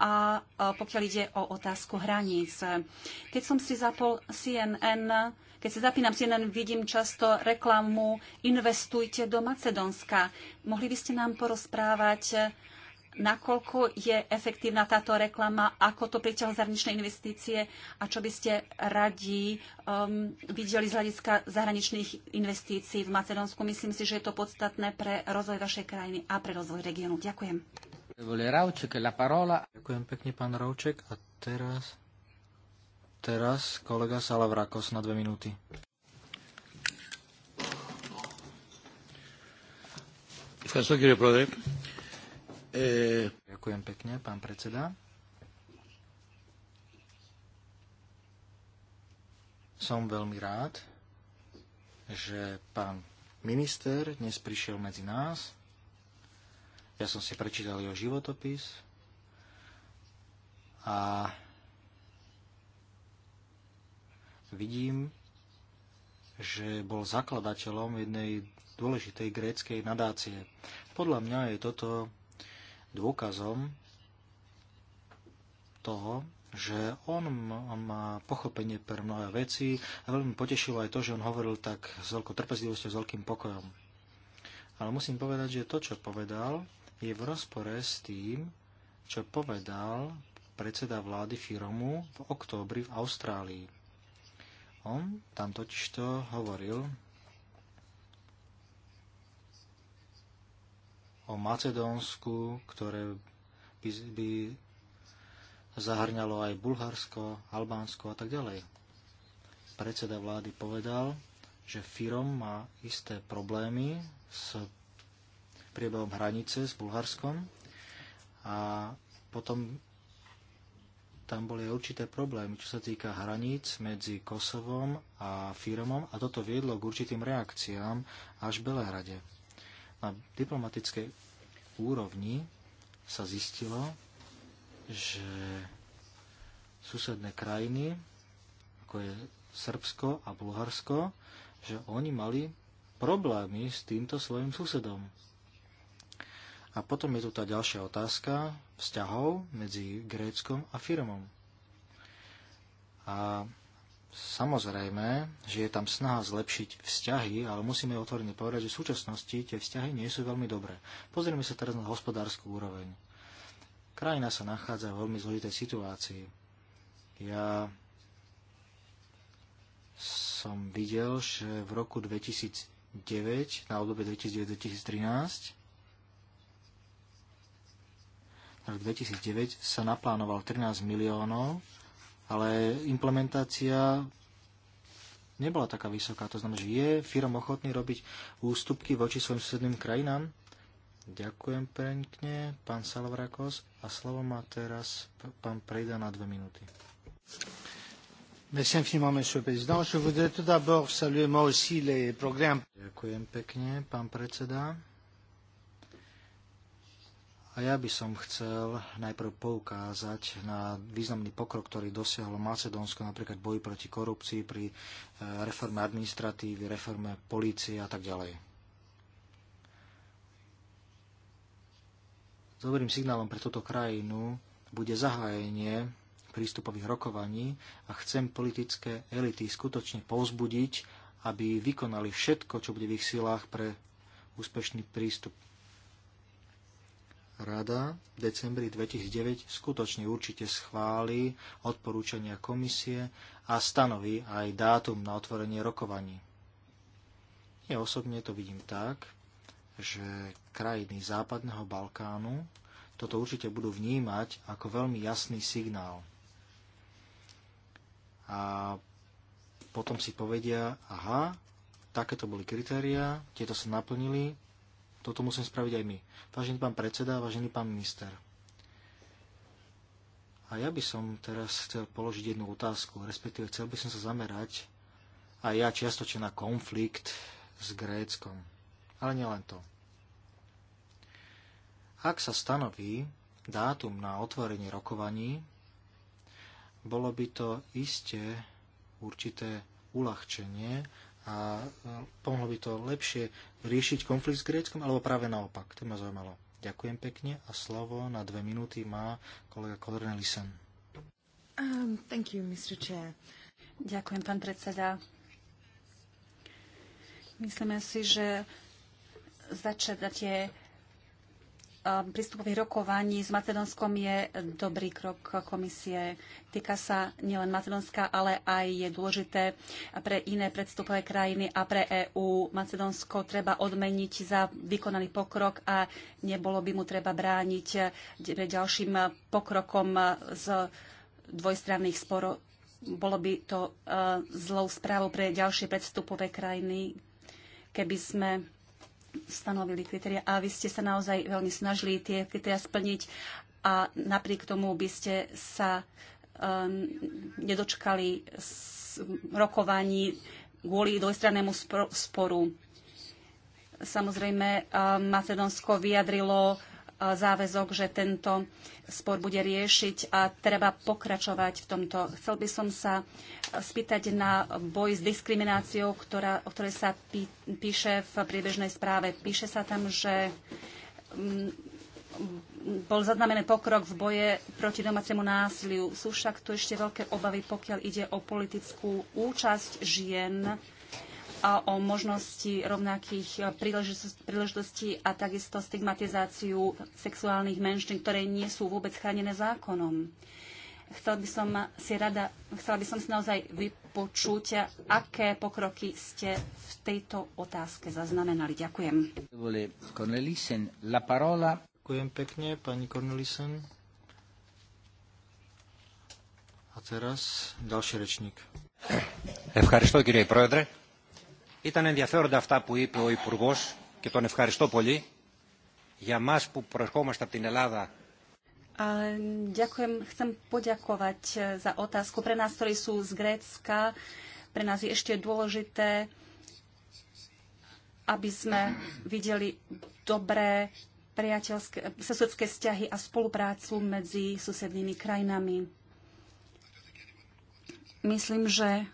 Speaker 4: a pokiaľ ide o otázku hraníc. Keď som si zapol CNN, keď si zapínam CNN, vidím často reklamu Investujte do Macedónska. Mohli by ste nám porozprávať nakoľko je efektívna táto reklama, ako to priťahol zahraničné investície a čo by ste radi um, videli z hľadiska zahraničných investícií v Macedónsku. Myslím si, že je to podstatné pre rozvoj vašej krajiny a pre rozvoj regiónu. Ďakujem.
Speaker 2: Ďakujem pekne, pán Rauček. A teraz, teraz kolega Salavrakos na dve minúty. Ευχαριστώ κύριε Πρόεδρε. E... Ďakujem pekne, pán predseda. Som veľmi rád, že pán minister dnes prišiel medzi nás. Ja som si prečítal jeho životopis a vidím, že bol zakladateľom jednej dôležitej gréckej nadácie. Podľa mňa je toto dôkazom toho, že on, má pochopenie pre mnohé veci a veľmi potešilo aj to, že on hovoril tak s veľkou trpezlivosťou, s veľkým pokojom. Ale musím povedať, že to, čo povedal, je v rozpore s tým, čo povedal predseda vlády Firomu v októbri v Austrálii. On tam totižto hovoril, o Macedónsku, ktoré by, by zahrňalo aj Bulharsko, Albánsko a tak ďalej. Predseda vlády povedal, že Firom má isté problémy s priebehom hranice s Bulharskom a potom tam boli určité problémy, čo sa týka hraníc medzi Kosovom a Firmom a toto viedlo k určitým reakciám až v Belehrade. Na diplomatickej úrovni sa zistilo, že susedné krajiny, ako je Srbsko a Bulharsko, že oni mali problémy s týmto svojim susedom. A potom je tu tá ďalšia otázka vzťahov medzi Gréckom a firmom. A Samozrejme, že je tam snaha zlepšiť vzťahy, ale musíme otvorene povedať, že v súčasnosti tie vzťahy nie sú veľmi dobré. Pozrieme sa teraz na hospodárskú úroveň. Krajina sa nachádza v veľmi zložitej situácii. Ja som videl, že v roku 2009, na obdobie 2009-2013, rok 2009 sa naplánoval 13 miliónov ale implementácia nebola taká vysoká. To znamená, že je firm ochotný robiť ústupky voči svojim susedným krajinám? Ďakujem pekne, pán Salvrakos. A slovo má teraz pán Prejda na dve minúty. Ďakujem pekne, pán predseda. A ja by som chcel najprv poukázať na významný pokrok, ktorý dosiahlo Macedónsko napríklad boji proti korupcii, pri e, reforme administratívy, reforme polície a tak ďalej. Dobrým signálom pre túto krajinu bude zahájenie prístupových rokovaní a chcem politické elity skutočne povzbudiť, aby vykonali všetko, čo bude v ich silách pre úspešný prístup Rada v decembri 2009 skutočne určite schváli odporúčania komisie a stanoví aj dátum na otvorenie rokovaní. Ja osobne to vidím tak, že krajiny Západného Balkánu toto určite budú vnímať ako veľmi jasný signál. A potom si povedia, aha, takéto boli kritériá, tieto sa naplnili, toto musím spraviť aj my. Vážený pán predseda, vážený pán minister. A ja by som teraz chcel položiť jednu otázku, respektíve chcel by som sa zamerať aj ja čiastočne na konflikt s Gréckom. Ale nielen to. Ak sa stanoví dátum na otvorenie rokovaní, bolo by to isté určité uľahčenie a e, pomohlo by to lepšie riešiť konflikt s Gréckom, alebo práve naopak. To ma zaujímalo. Ďakujem pekne a slovo na dve minúty má kolega Cornelisen.
Speaker 4: Um, thank you, Mr. Chair. Ďakujem, pán predseda. Myslíme si, že tie prístupových rokovaní s Macedónskom je dobrý krok komisie. Týka sa nielen Macedónska, ale aj je dôležité pre iné predstupové krajiny a pre EÚ. Macedónsko treba odmeniť za vykonaný pokrok a nebolo by mu treba brániť pre ďalším pokrokom z dvojstranných sporov. Bolo by to e, zlou správou pre ďalšie predstupové krajiny, keby sme stanovili kritéria a vy ste sa naozaj veľmi snažili tie kritéria splniť a napriek tomu by ste sa um, nedočkali s rokovaní kvôli dvojstrannému sporu. Samozrejme, um, Macedónsko vyjadrilo záväzok, že tento spor bude riešiť a treba pokračovať v tomto. Chcel by som sa spýtať na boj s diskrimináciou, ktorá, o ktorej sa pí, píše v priebežnej správe. Píše sa tam, že mm, bol zaznamený pokrok v boje proti domácemu násiliu. Sú však tu ešte veľké obavy, pokiaľ ide o politickú účasť žien o možnosti rovnakých e, príležitostí a takisto stigmatizáciu sexuálnych menšín, ktoré nie sú vôbec chránené zákonom. Chcela by som si rada, chcela by som si naozaj vypočuť, aké pokroky ste v tejto otázke zaznamenali. Ďakujem.
Speaker 2: Ďakujem pekne, pani Cornelisen. A teraz ďalší rečník.
Speaker 1: Ευχαριστώ κύριε Πρόεδρε. Ήταν ενδιαφέροντα αυτά που είπε ο Υπουργό και τον ευχαριστώ πολύ. Για μας που προερχόμαστε από την Ελλάδα
Speaker 4: a ďakujem, chcem poďakovať za otázku. Pre nás, ktorí sú z Grécka, pre nás je ešte dôležité, aby sme videli dobré priateľské, susedské vzťahy a spoluprácu medzi susednými krajinami. Myslím, že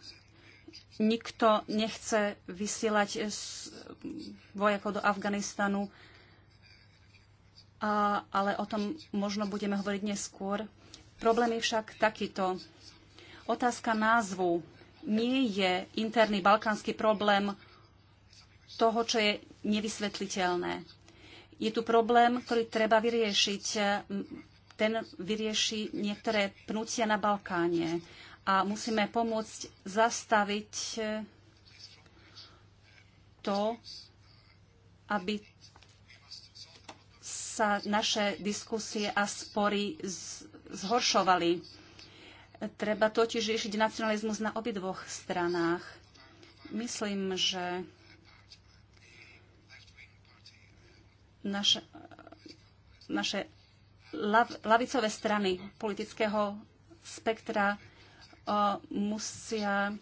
Speaker 4: nikto nechce vysielať vojakov do Afganistanu, a, ale o tom možno budeme hovoriť neskôr. Problém je však takýto. Otázka názvu nie je interný balkánsky problém toho, čo je nevysvetliteľné. Je tu problém, ktorý treba vyriešiť. Ten vyrieši niektoré pnutia na Balkáne a musíme pomôcť zastaviť e, to, aby sa naše diskusie a spory zhoršovali. Treba totiž riešiť nacionalizmus na obidvoch stranách. Myslím, že naše, naše lavicové strany politického spektra musia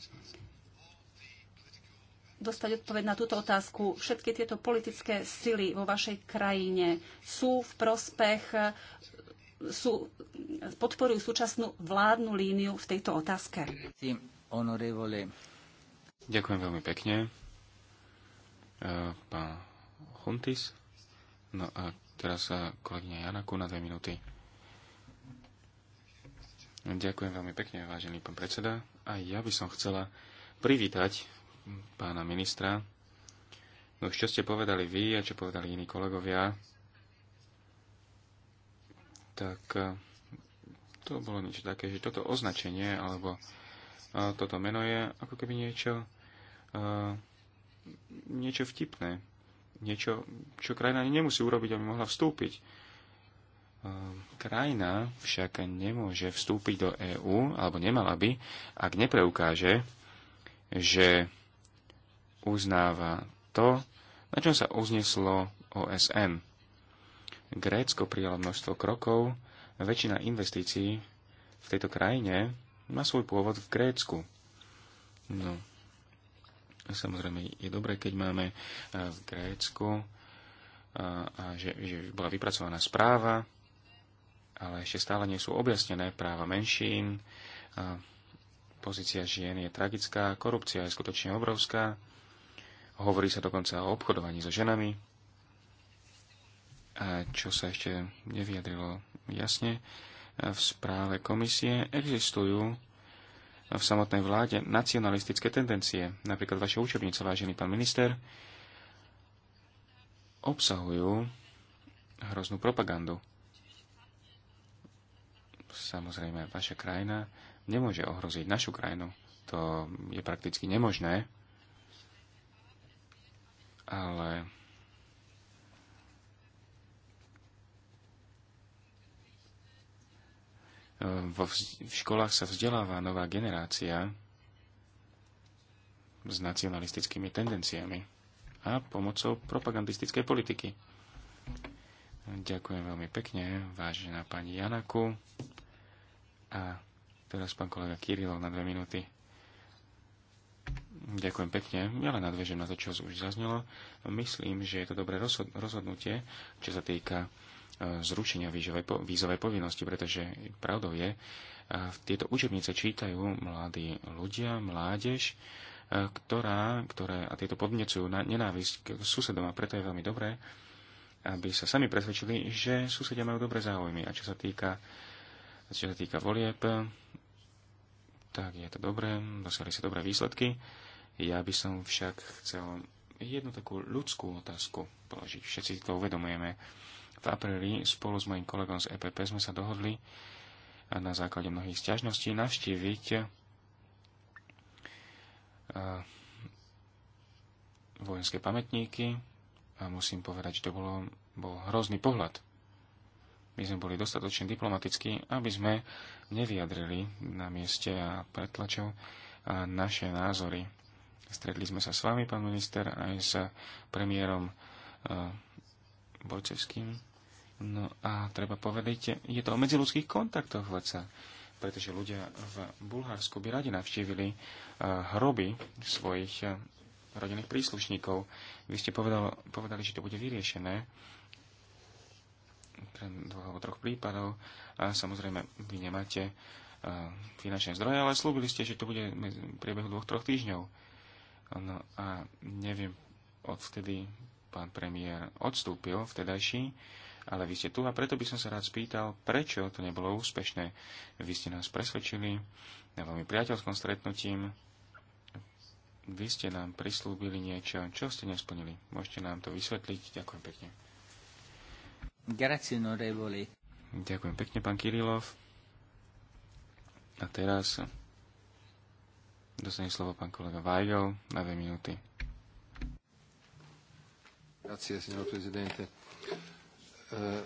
Speaker 4: dostať odpoveď na túto otázku. Všetky tieto politické sily vo vašej krajine sú v prospech, sú, podporujú súčasnú vládnu líniu v tejto otázke.
Speaker 2: Ďakujem veľmi
Speaker 3: pekne. E, pán Huntis. No a teraz e, kolegyňa Janaku na dve minúty. Ďakujem veľmi pekne, vážený pán predseda. A ja by som chcela privítať pána ministra. No čo ste povedali vy a čo povedali iní kolegovia, tak eh, to bolo niečo také, že toto označenie alebo eh, toto meno je ako keby niečo, eh, niečo vtipné. Niečo, čo krajina nemusí urobiť, aby mohla vstúpiť Ehm, krajina však nemôže vstúpiť do EÚ, alebo nemala by, ak nepreukáže, že uznáva to, na čom sa uzneslo OSN. Grécko prijalo množstvo krokov, väčšina investícií v tejto krajine má svoj pôvod v Grécku. No, samozrejme je dobré, keď máme eh, v Grécku a, eh, a že, že bola vypracovaná správa, ale ešte stále nie sú objasnené práva menšín. Pozícia žien je tragická, korupcia je skutočne obrovská. Hovorí sa dokonca o obchodovaní so ženami. A čo sa ešte nevyjadrilo jasne, v správe komisie existujú v samotnej vláde nacionalistické tendencie. Napríklad vaše učebnice, vážený pán minister, obsahujú hroznú propagandu. Samozrejme, vaša krajina nemôže ohroziť našu krajinu. To je prakticky nemožné. Ale vo, v školách sa vzdeláva nová generácia s nacionalistickými tendenciami a pomocou propagandistickej politiky. Ďakujem veľmi pekne, vážená pani Janaku. A teraz pán kolega Kirilov na dve minúty. Ďakujem pekne. Ja len nadviežem na to, čo už zaznelo. Myslím, že je to dobré rozhodnutie, čo sa týka e, zrušenia vízovej, povinnosti, pretože pravdou je, e, tieto učebnice čítajú mladí ľudia, mládež, e, ktorá, ktoré, a tieto podnecujú na nenávisť k susedom a preto je veľmi dobré, aby sa sami presvedčili, že susedia majú dobré záujmy. A čo sa týka čo sa týka volieb, tak je to dobré, dosiahli sa dobré výsledky. Ja by som však chcel jednu takú ľudskú otázku položiť. Všetci to uvedomujeme. V apríli spolu s mojim kolegom z EPP sme sa dohodli na základe mnohých stiažností navštíviť vojenské pamätníky a musím povedať, že to bolo, bol hrozný pohľad by sme boli dostatočne diplomatickí, aby sme nevyjadrili na mieste a pretlačov naše názory. Stretli sme sa s vami, pán minister, aj s premiérom Bojcevským. E, no a treba povedať, je to o medziludských kontaktoch vodca, pretože ľudia v Bulharsku by radi navštívili e, hroby svojich e, rodinných príslušníkov. Vy ste povedal, povedali, že to bude vyriešené dvoch alebo troch prípadov. A samozrejme, vy nemáte finančné zdroje, ale slúbili ste, že to bude v priebehu dvoch, troch týždňov. No a neviem, odvtedy pán premiér odstúpil vtedajší, ale vy ste tu a preto by som sa rád spýtal, prečo to nebolo úspešné. Vy ste nás presvedčili na veľmi priateľskom stretnutím. Vy ste nám prislúbili niečo, čo ste nesplnili. Môžete nám to vysvetliť. Ďakujem pekne.
Speaker 1: Ďakujem
Speaker 3: pekne, pán Kirilov. A teraz dostane slovo pán kolega Vajgel na dve minúty. Eh,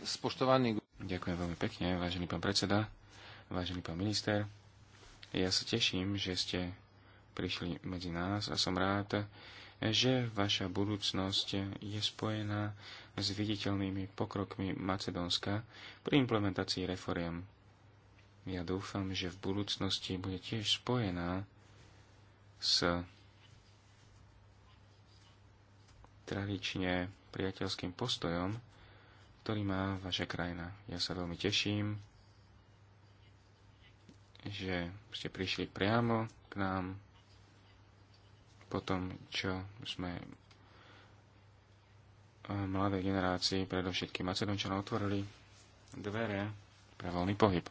Speaker 3: Ďakujem veľmi pekne, vážený pán predseda, vážený pán minister. Ja sa teším, že ste prišli medzi nás a som rád, že vaša budúcnosť je spojená s viditeľnými pokrokmi Macedónska pri implementácii reforiem. Ja dúfam, že v budúcnosti bude tiež spojená s tradične priateľským postojom, ktorý má vaša krajina. Ja sa veľmi teším, že ste prišli priamo k nám po tom, čo sme eh, mladej generácii, predovšetkým Macedončanom, otvorili dvere pre voľný pohyb.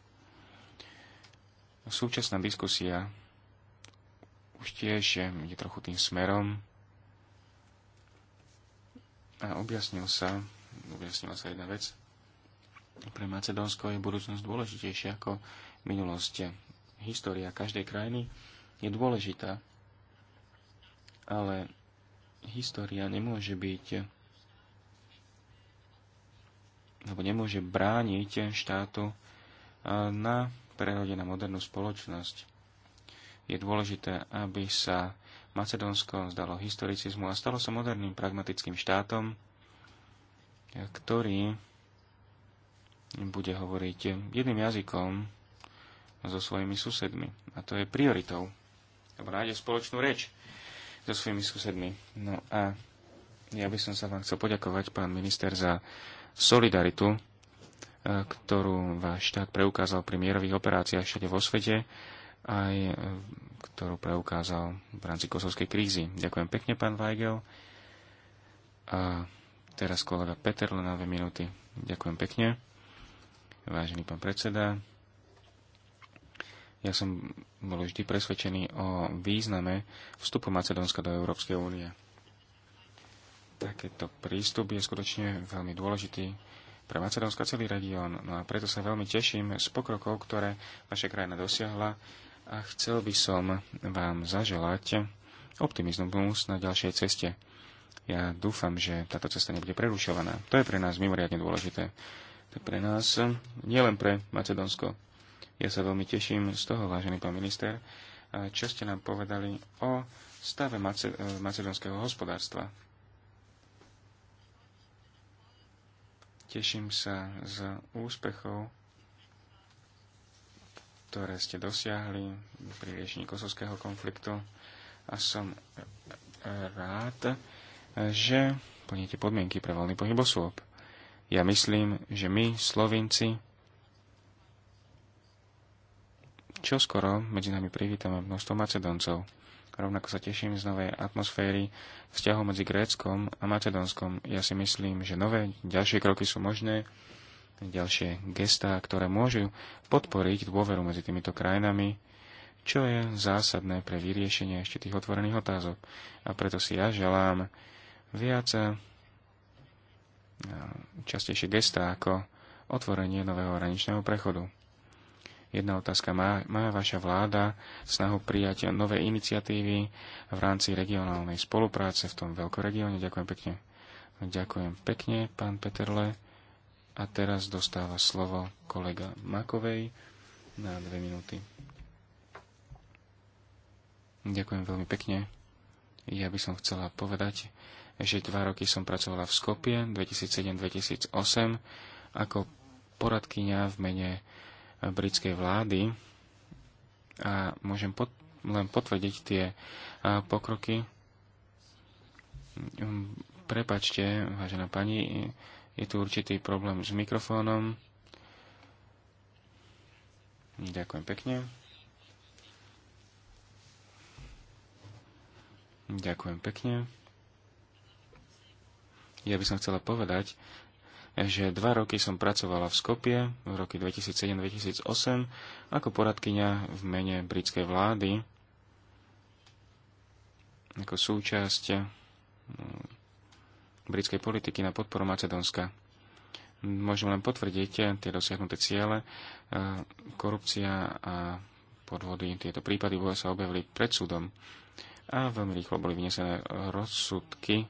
Speaker 3: Súčasná diskusia už tiež je eh, trochu tým smerom a objasnil sa, objasnila sa jedna vec. Pre Macedónsko je budúcnosť dôležitejšia ako minulosť. História každej krajiny je dôležitá ale história nemôže byť alebo nemôže brániť štátu na prerode na modernú spoločnosť. Je dôležité, aby sa Macedónsko zdalo historicizmu a stalo sa moderným pragmatickým štátom, ktorý bude hovoriť jedným jazykom so svojimi susedmi. A to je prioritou. Lebo nájde spoločnú reč so svojimi susedmi. No a ja by som sa vám chcel poďakovať, pán minister, za solidaritu, e, ktorú váš štát preukázal pri mierových operáciách všade vo svete, aj e, ktorú preukázal v rámci kosovskej krízy. Ďakujem pekne, pán Weigel. A teraz kolega Peter, len na dve minúty. Ďakujem pekne. Vážený pán predseda, ja som bol vždy presvedčený o význame vstupu Macedónska do Európskej únie. Takýto prístup je skutočne veľmi dôležitý pre Macedónska celý región. No a preto sa veľmi teším z pokrokov, ktoré vaša krajina dosiahla a chcel by som vám zaželať optimizmus na ďalšej ceste. Ja dúfam, že táto cesta nebude prerušovaná. To je pre nás mimoriadne dôležité. To je pre nás, nielen pre Macedónsko, ja sa veľmi teším z toho, vážený pán minister, čo ste nám povedali o stave e, macedónskeho hospodárstva. Teším sa z úspechov, ktoré ste dosiahli pri riešení kosovského konfliktu a som rád, že plníte podmienky pre voľný pohyb osôb. Ja myslím, že my, Slovinci, čo skoro medzi nami privítame množstvo Macedoncov. Rovnako sa teším z novej atmosféry vzťahov medzi Gréckom a Macedónskom. Ja si myslím, že nové ďalšie kroky sú možné, ďalšie gestá, ktoré môžu podporiť dôveru medzi týmito krajinami, čo je zásadné pre vyriešenie ešte tých otvorených otázok. A preto si ja želám viac častejšie gestá ako otvorenie nového hraničného prechodu. Jedna otázka. Má, má vaša vláda snahu prijať nové iniciatívy v rámci regionálnej spolupráce v tom veľkoregióne? Ďakujem pekne. Ďakujem pekne, pán Peterle. A teraz dostáva slovo kolega Makovej na dve minúty. Ďakujem veľmi pekne. Ja by som chcela povedať, že dva roky som pracovala v Skopie 2007-2008 ako poradkyňa v mene britskej vlády a môžem pod, len potvrdiť tie pokroky. Mm, prepačte, vážená pani, je tu určitý problém s mikrofónom. Ďakujem pekne. Ďakujem pekne. Ja by som chcela povedať, že dva roky som pracovala v Skopie, v roky 2007-2008, ako poradkyňa v mene britskej vlády, ako súčasť mm, britskej politiky na podporu Macedónska. Môžem len potvrdiť tie dosiahnuté ciele. E, korupcia a podvody, tieto prípady sa objavili pred súdom a veľmi rýchlo boli vynesené rozsudky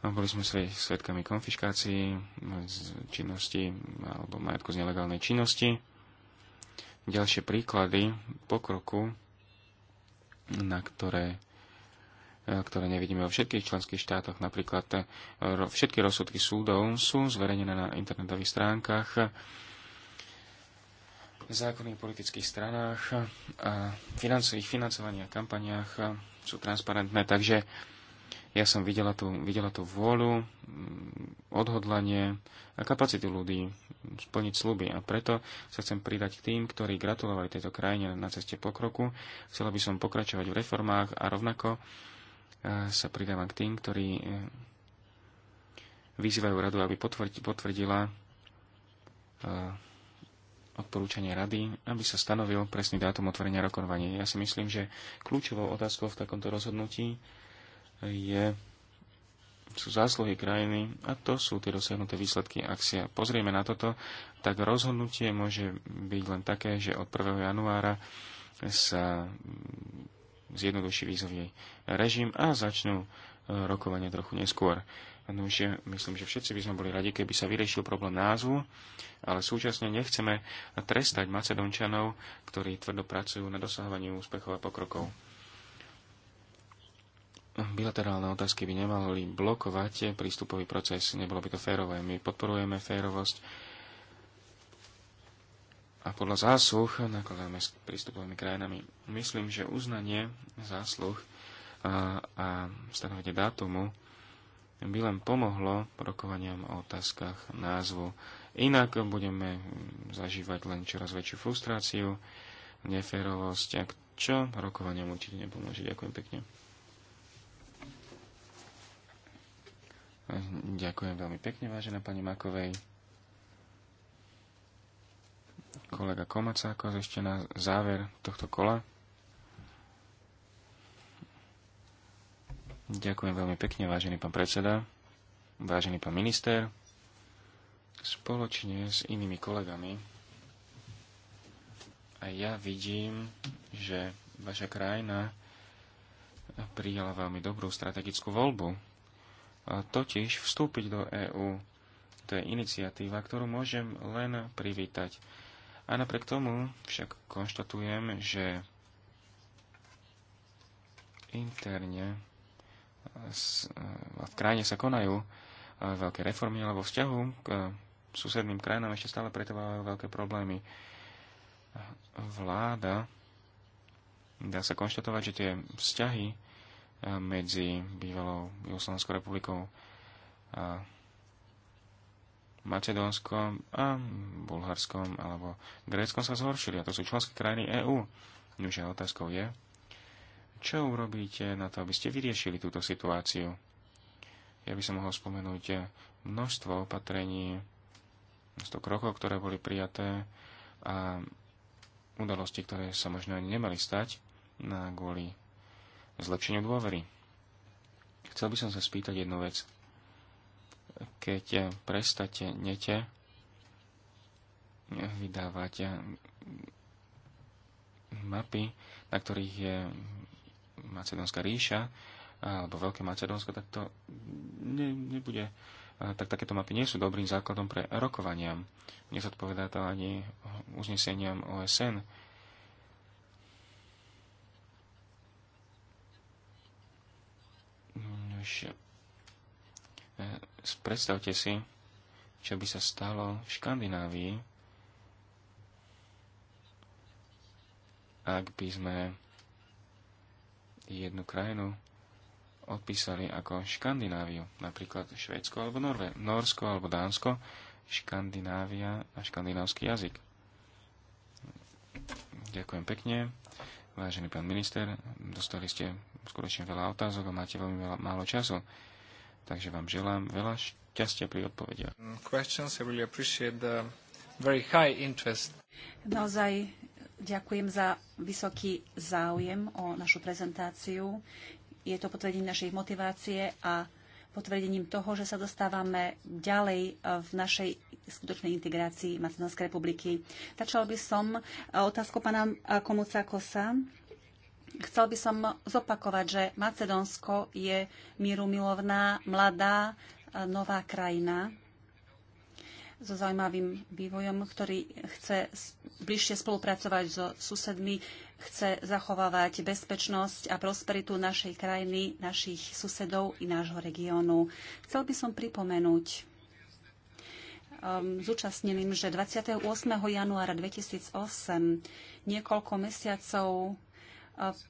Speaker 3: boli sme svetkami konfiškácií, činnosti alebo majetku z nelegálnej činnosti. Ďalšie príklady pokroku, na ktoré e, ktoré nevidíme vo všetkých členských štátoch. Napríklad e, všetky rozsudky súdov sú zverejnené na internetových stránkach, zákonných politických stranách a ich financovania a kampaniách e, sú transparentné, takže ja som videla tú, videla tú vôľu, mm, odhodlanie a kapacitu ľudí splniť sluby. A preto sa chcem pridať k tým, ktorí gratulovali tejto krajine na ceste pokroku. Chcela by som pokračovať v reformách a rovnako e, sa pridávam k tým, ktorí e, vyzývajú radu, aby potvrdila e, odporúčanie rady, aby sa stanovil presný dátum otvorenia rokovania. Ja si myslím, že kľúčovou otázkou v takomto rozhodnutí je, sú zásluhy krajiny a to sú tie dosiahnuté výsledky. Ak si pozrieme na toto, tak rozhodnutie môže byť len také, že od 1. januára sa zjednoduší vízový režim a začnú e, rokovania trochu neskôr. No že myslím, že všetci by sme boli radi, keby sa vyriešil problém názvu, ale súčasne nechceme trestať Macedončanov, ktorí tvrdo pracujú na dosahovaní úspechov a pokrokov bilaterálne otázky by nemali blokovať prístupový proces, nebolo by to férové. My podporujeme férovosť a podľa zásluh nakladáme s prístupovými krajinami. Myslím, že uznanie zásluh a, a stanovenie dátumu by len pomohlo rokovaniam o otázkach názvu. Inak budeme zažívať len čoraz väčšiu frustráciu, neférovosť, čo rokovaniam určite nepomôže. Ďakujem pekne. Ďakujem veľmi pekne, vážená pani Makovej. Kolega Komacáko ešte na záver tohto kola. Ďakujem veľmi pekne, vážený pán predseda, vážený pán minister. Spoločne s inými kolegami a ja vidím, že vaša krajina prijala veľmi dobrú strategickú voľbu totiž vstúpiť do EÚ. To je iniciatíva, ktorú môžem len privítať. A napriek tomu však konštatujem, že interne v krajine sa konajú veľké reformy, alebo vzťahu k susedným krajinám ešte stále pretrvávajú veľké problémy. Vláda, dá sa konštatovať, že tie vzťahy Eh, medzi bývalou Jugoslovanskou republikou a Macedónskom a Bulharskom alebo Gréckom sa zhoršili a to sú členské krajiny EÚ. Nože otázkou je, čo urobíte na to, aby ste vyriešili túto situáciu? Ja by som mohol spomenúť eh, množstvo opatrení, množstvo krokov, ktoré boli prijaté a udalosti, ktoré sa možno ani nemali stať na kvôli zlepšeniu dôvery. Chcel by som sa spýtať jednu vec. Keď prestate nete vydávať mapy, na ktorých je Macedónska ríša, alebo Veľké Macedónsko, tak to ne, nebude tak takéto mapy nie sú dobrým základom pre rokovania. Nezodpovedá to ani uzneseniam OSN, že predstavte si, čo by sa stalo v Škandinávii, ak by sme jednu krajinu odpísali ako Škandináviu, napríklad Švédsko alebo Norve, Norsko alebo Dánsko, Škandinávia a škandinávsky jazyk. Ďakujem pekne. Vážený pán minister, dostali ste skutočne veľa otázok a máte veľmi veľa, málo času. Takže vám želám veľa šťastia pri odpovediach. Mm,
Speaker 4: Naozaj ďakujem za vysoký záujem o našu prezentáciu. Je to potvrdením našej motivácie a potvrdením toho, že sa dostávame ďalej e, v našej skutočnej integrácii Macedónskej republiky. Začal by som e, otázku pána e, Komuca Kosa Chcel by som zopakovať, že Macedónsko je mirumilovná, mladá, e, nová krajina so zaujímavým vývojom, ktorý chce bližšie spolupracovať so susedmi, chce zachovávať bezpečnosť a prosperitu našej krajiny, našich susedov i nášho regiónu. Chcel by som pripomenúť um, zúčastneným, že 28. januára 2008, niekoľko mesiacov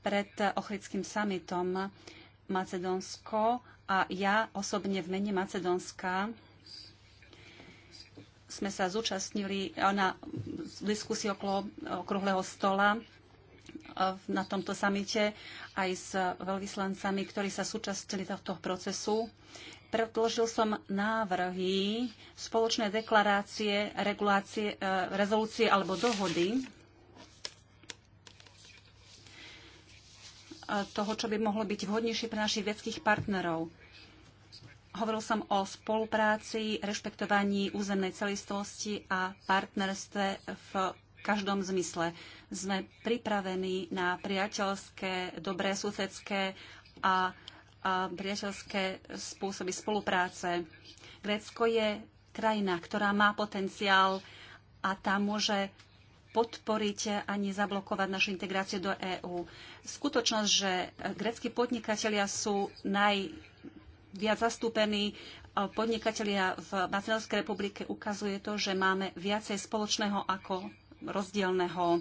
Speaker 4: pred Ochrickým summitom Macedónsko a ja osobne v mene Macedónska sme sa zúčastnili na diskusii okolo okrúhleho stola e, na tomto samite aj s veľvyslancami, ktorí sa súčastnili tohto procesu. Predložil som návrhy spoločné deklarácie, regulácie, e, rezolúcie alebo dohody toho, čo by mohlo byť vhodnejšie pre našich vedských partnerov. Hovoril som o spolupráci, rešpektovaní územnej celistvosti a partnerstve v každom zmysle. Sme pripravení na priateľské, dobré susedské a, a priateľské spôsoby spolupráce. Grécko je krajina, ktorá má potenciál a tá môže podporiť ani zablokovať našu integráciu do EÚ. Skutočnosť, že e, greckí podnikatelia sú najviac zastúpení e, podnikatelia v Macedónskej republike, ukazuje to, že máme viacej spoločného ako rozdielného. E,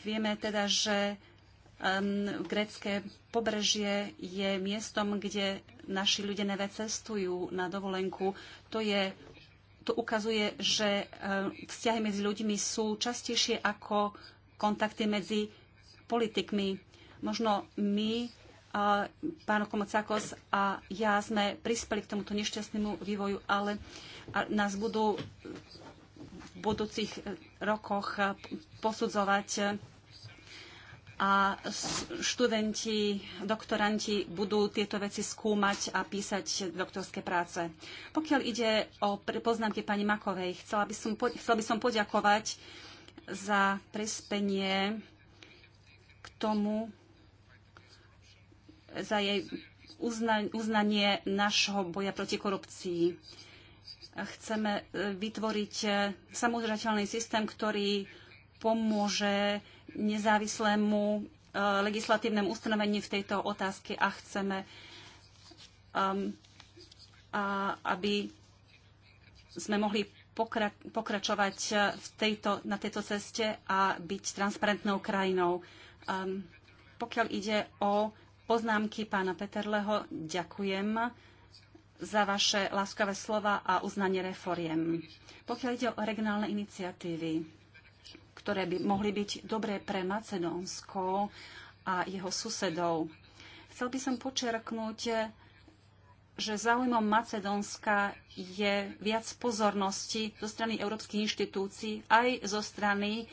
Speaker 4: vieme teda, že grecké pobrežie je miestom, kde naši ľudia nevecestujú cestujú na dovolenku. To je to ukazuje, že e, vzťahy medzi ľuďmi sú častejšie ako kontakty medzi politikmi. Možno my, e, pán Komocakos a ja sme prispeli k tomuto nešťastnému vývoju, ale nás budú v budúcich e, rokoch posudzovať a študenti, doktoranti budú tieto veci skúmať a písať doktorské práce. Pokiaľ ide o poznámky pani Makovej, chcela by som, chcela by som poďakovať za prispenie k tomu, za jej uzna, uznanie našho boja proti korupcii. Chceme e, vytvoriť e, samozrateľný systém, ktorý pomôže nezávislému e, legislatívnemu ustanovení v tejto otázke a chceme, um, aby sme mohli pokračovať e, v tejto, na tejto ceste a byť transparentnou krajinou. Um, pokiaľ ide o poznámky pána Peterleho, ďakujem za vaše láskavé slova a uznanie reforiem. Pokiaľ ide o regionálne iniciatívy, ktoré by mohli byť dobré pre Macedónsko a jeho susedov. Chcel by som počerknúť, že záujmom Macedónska je viac pozornosti zo strany európskych inštitúcií aj zo strany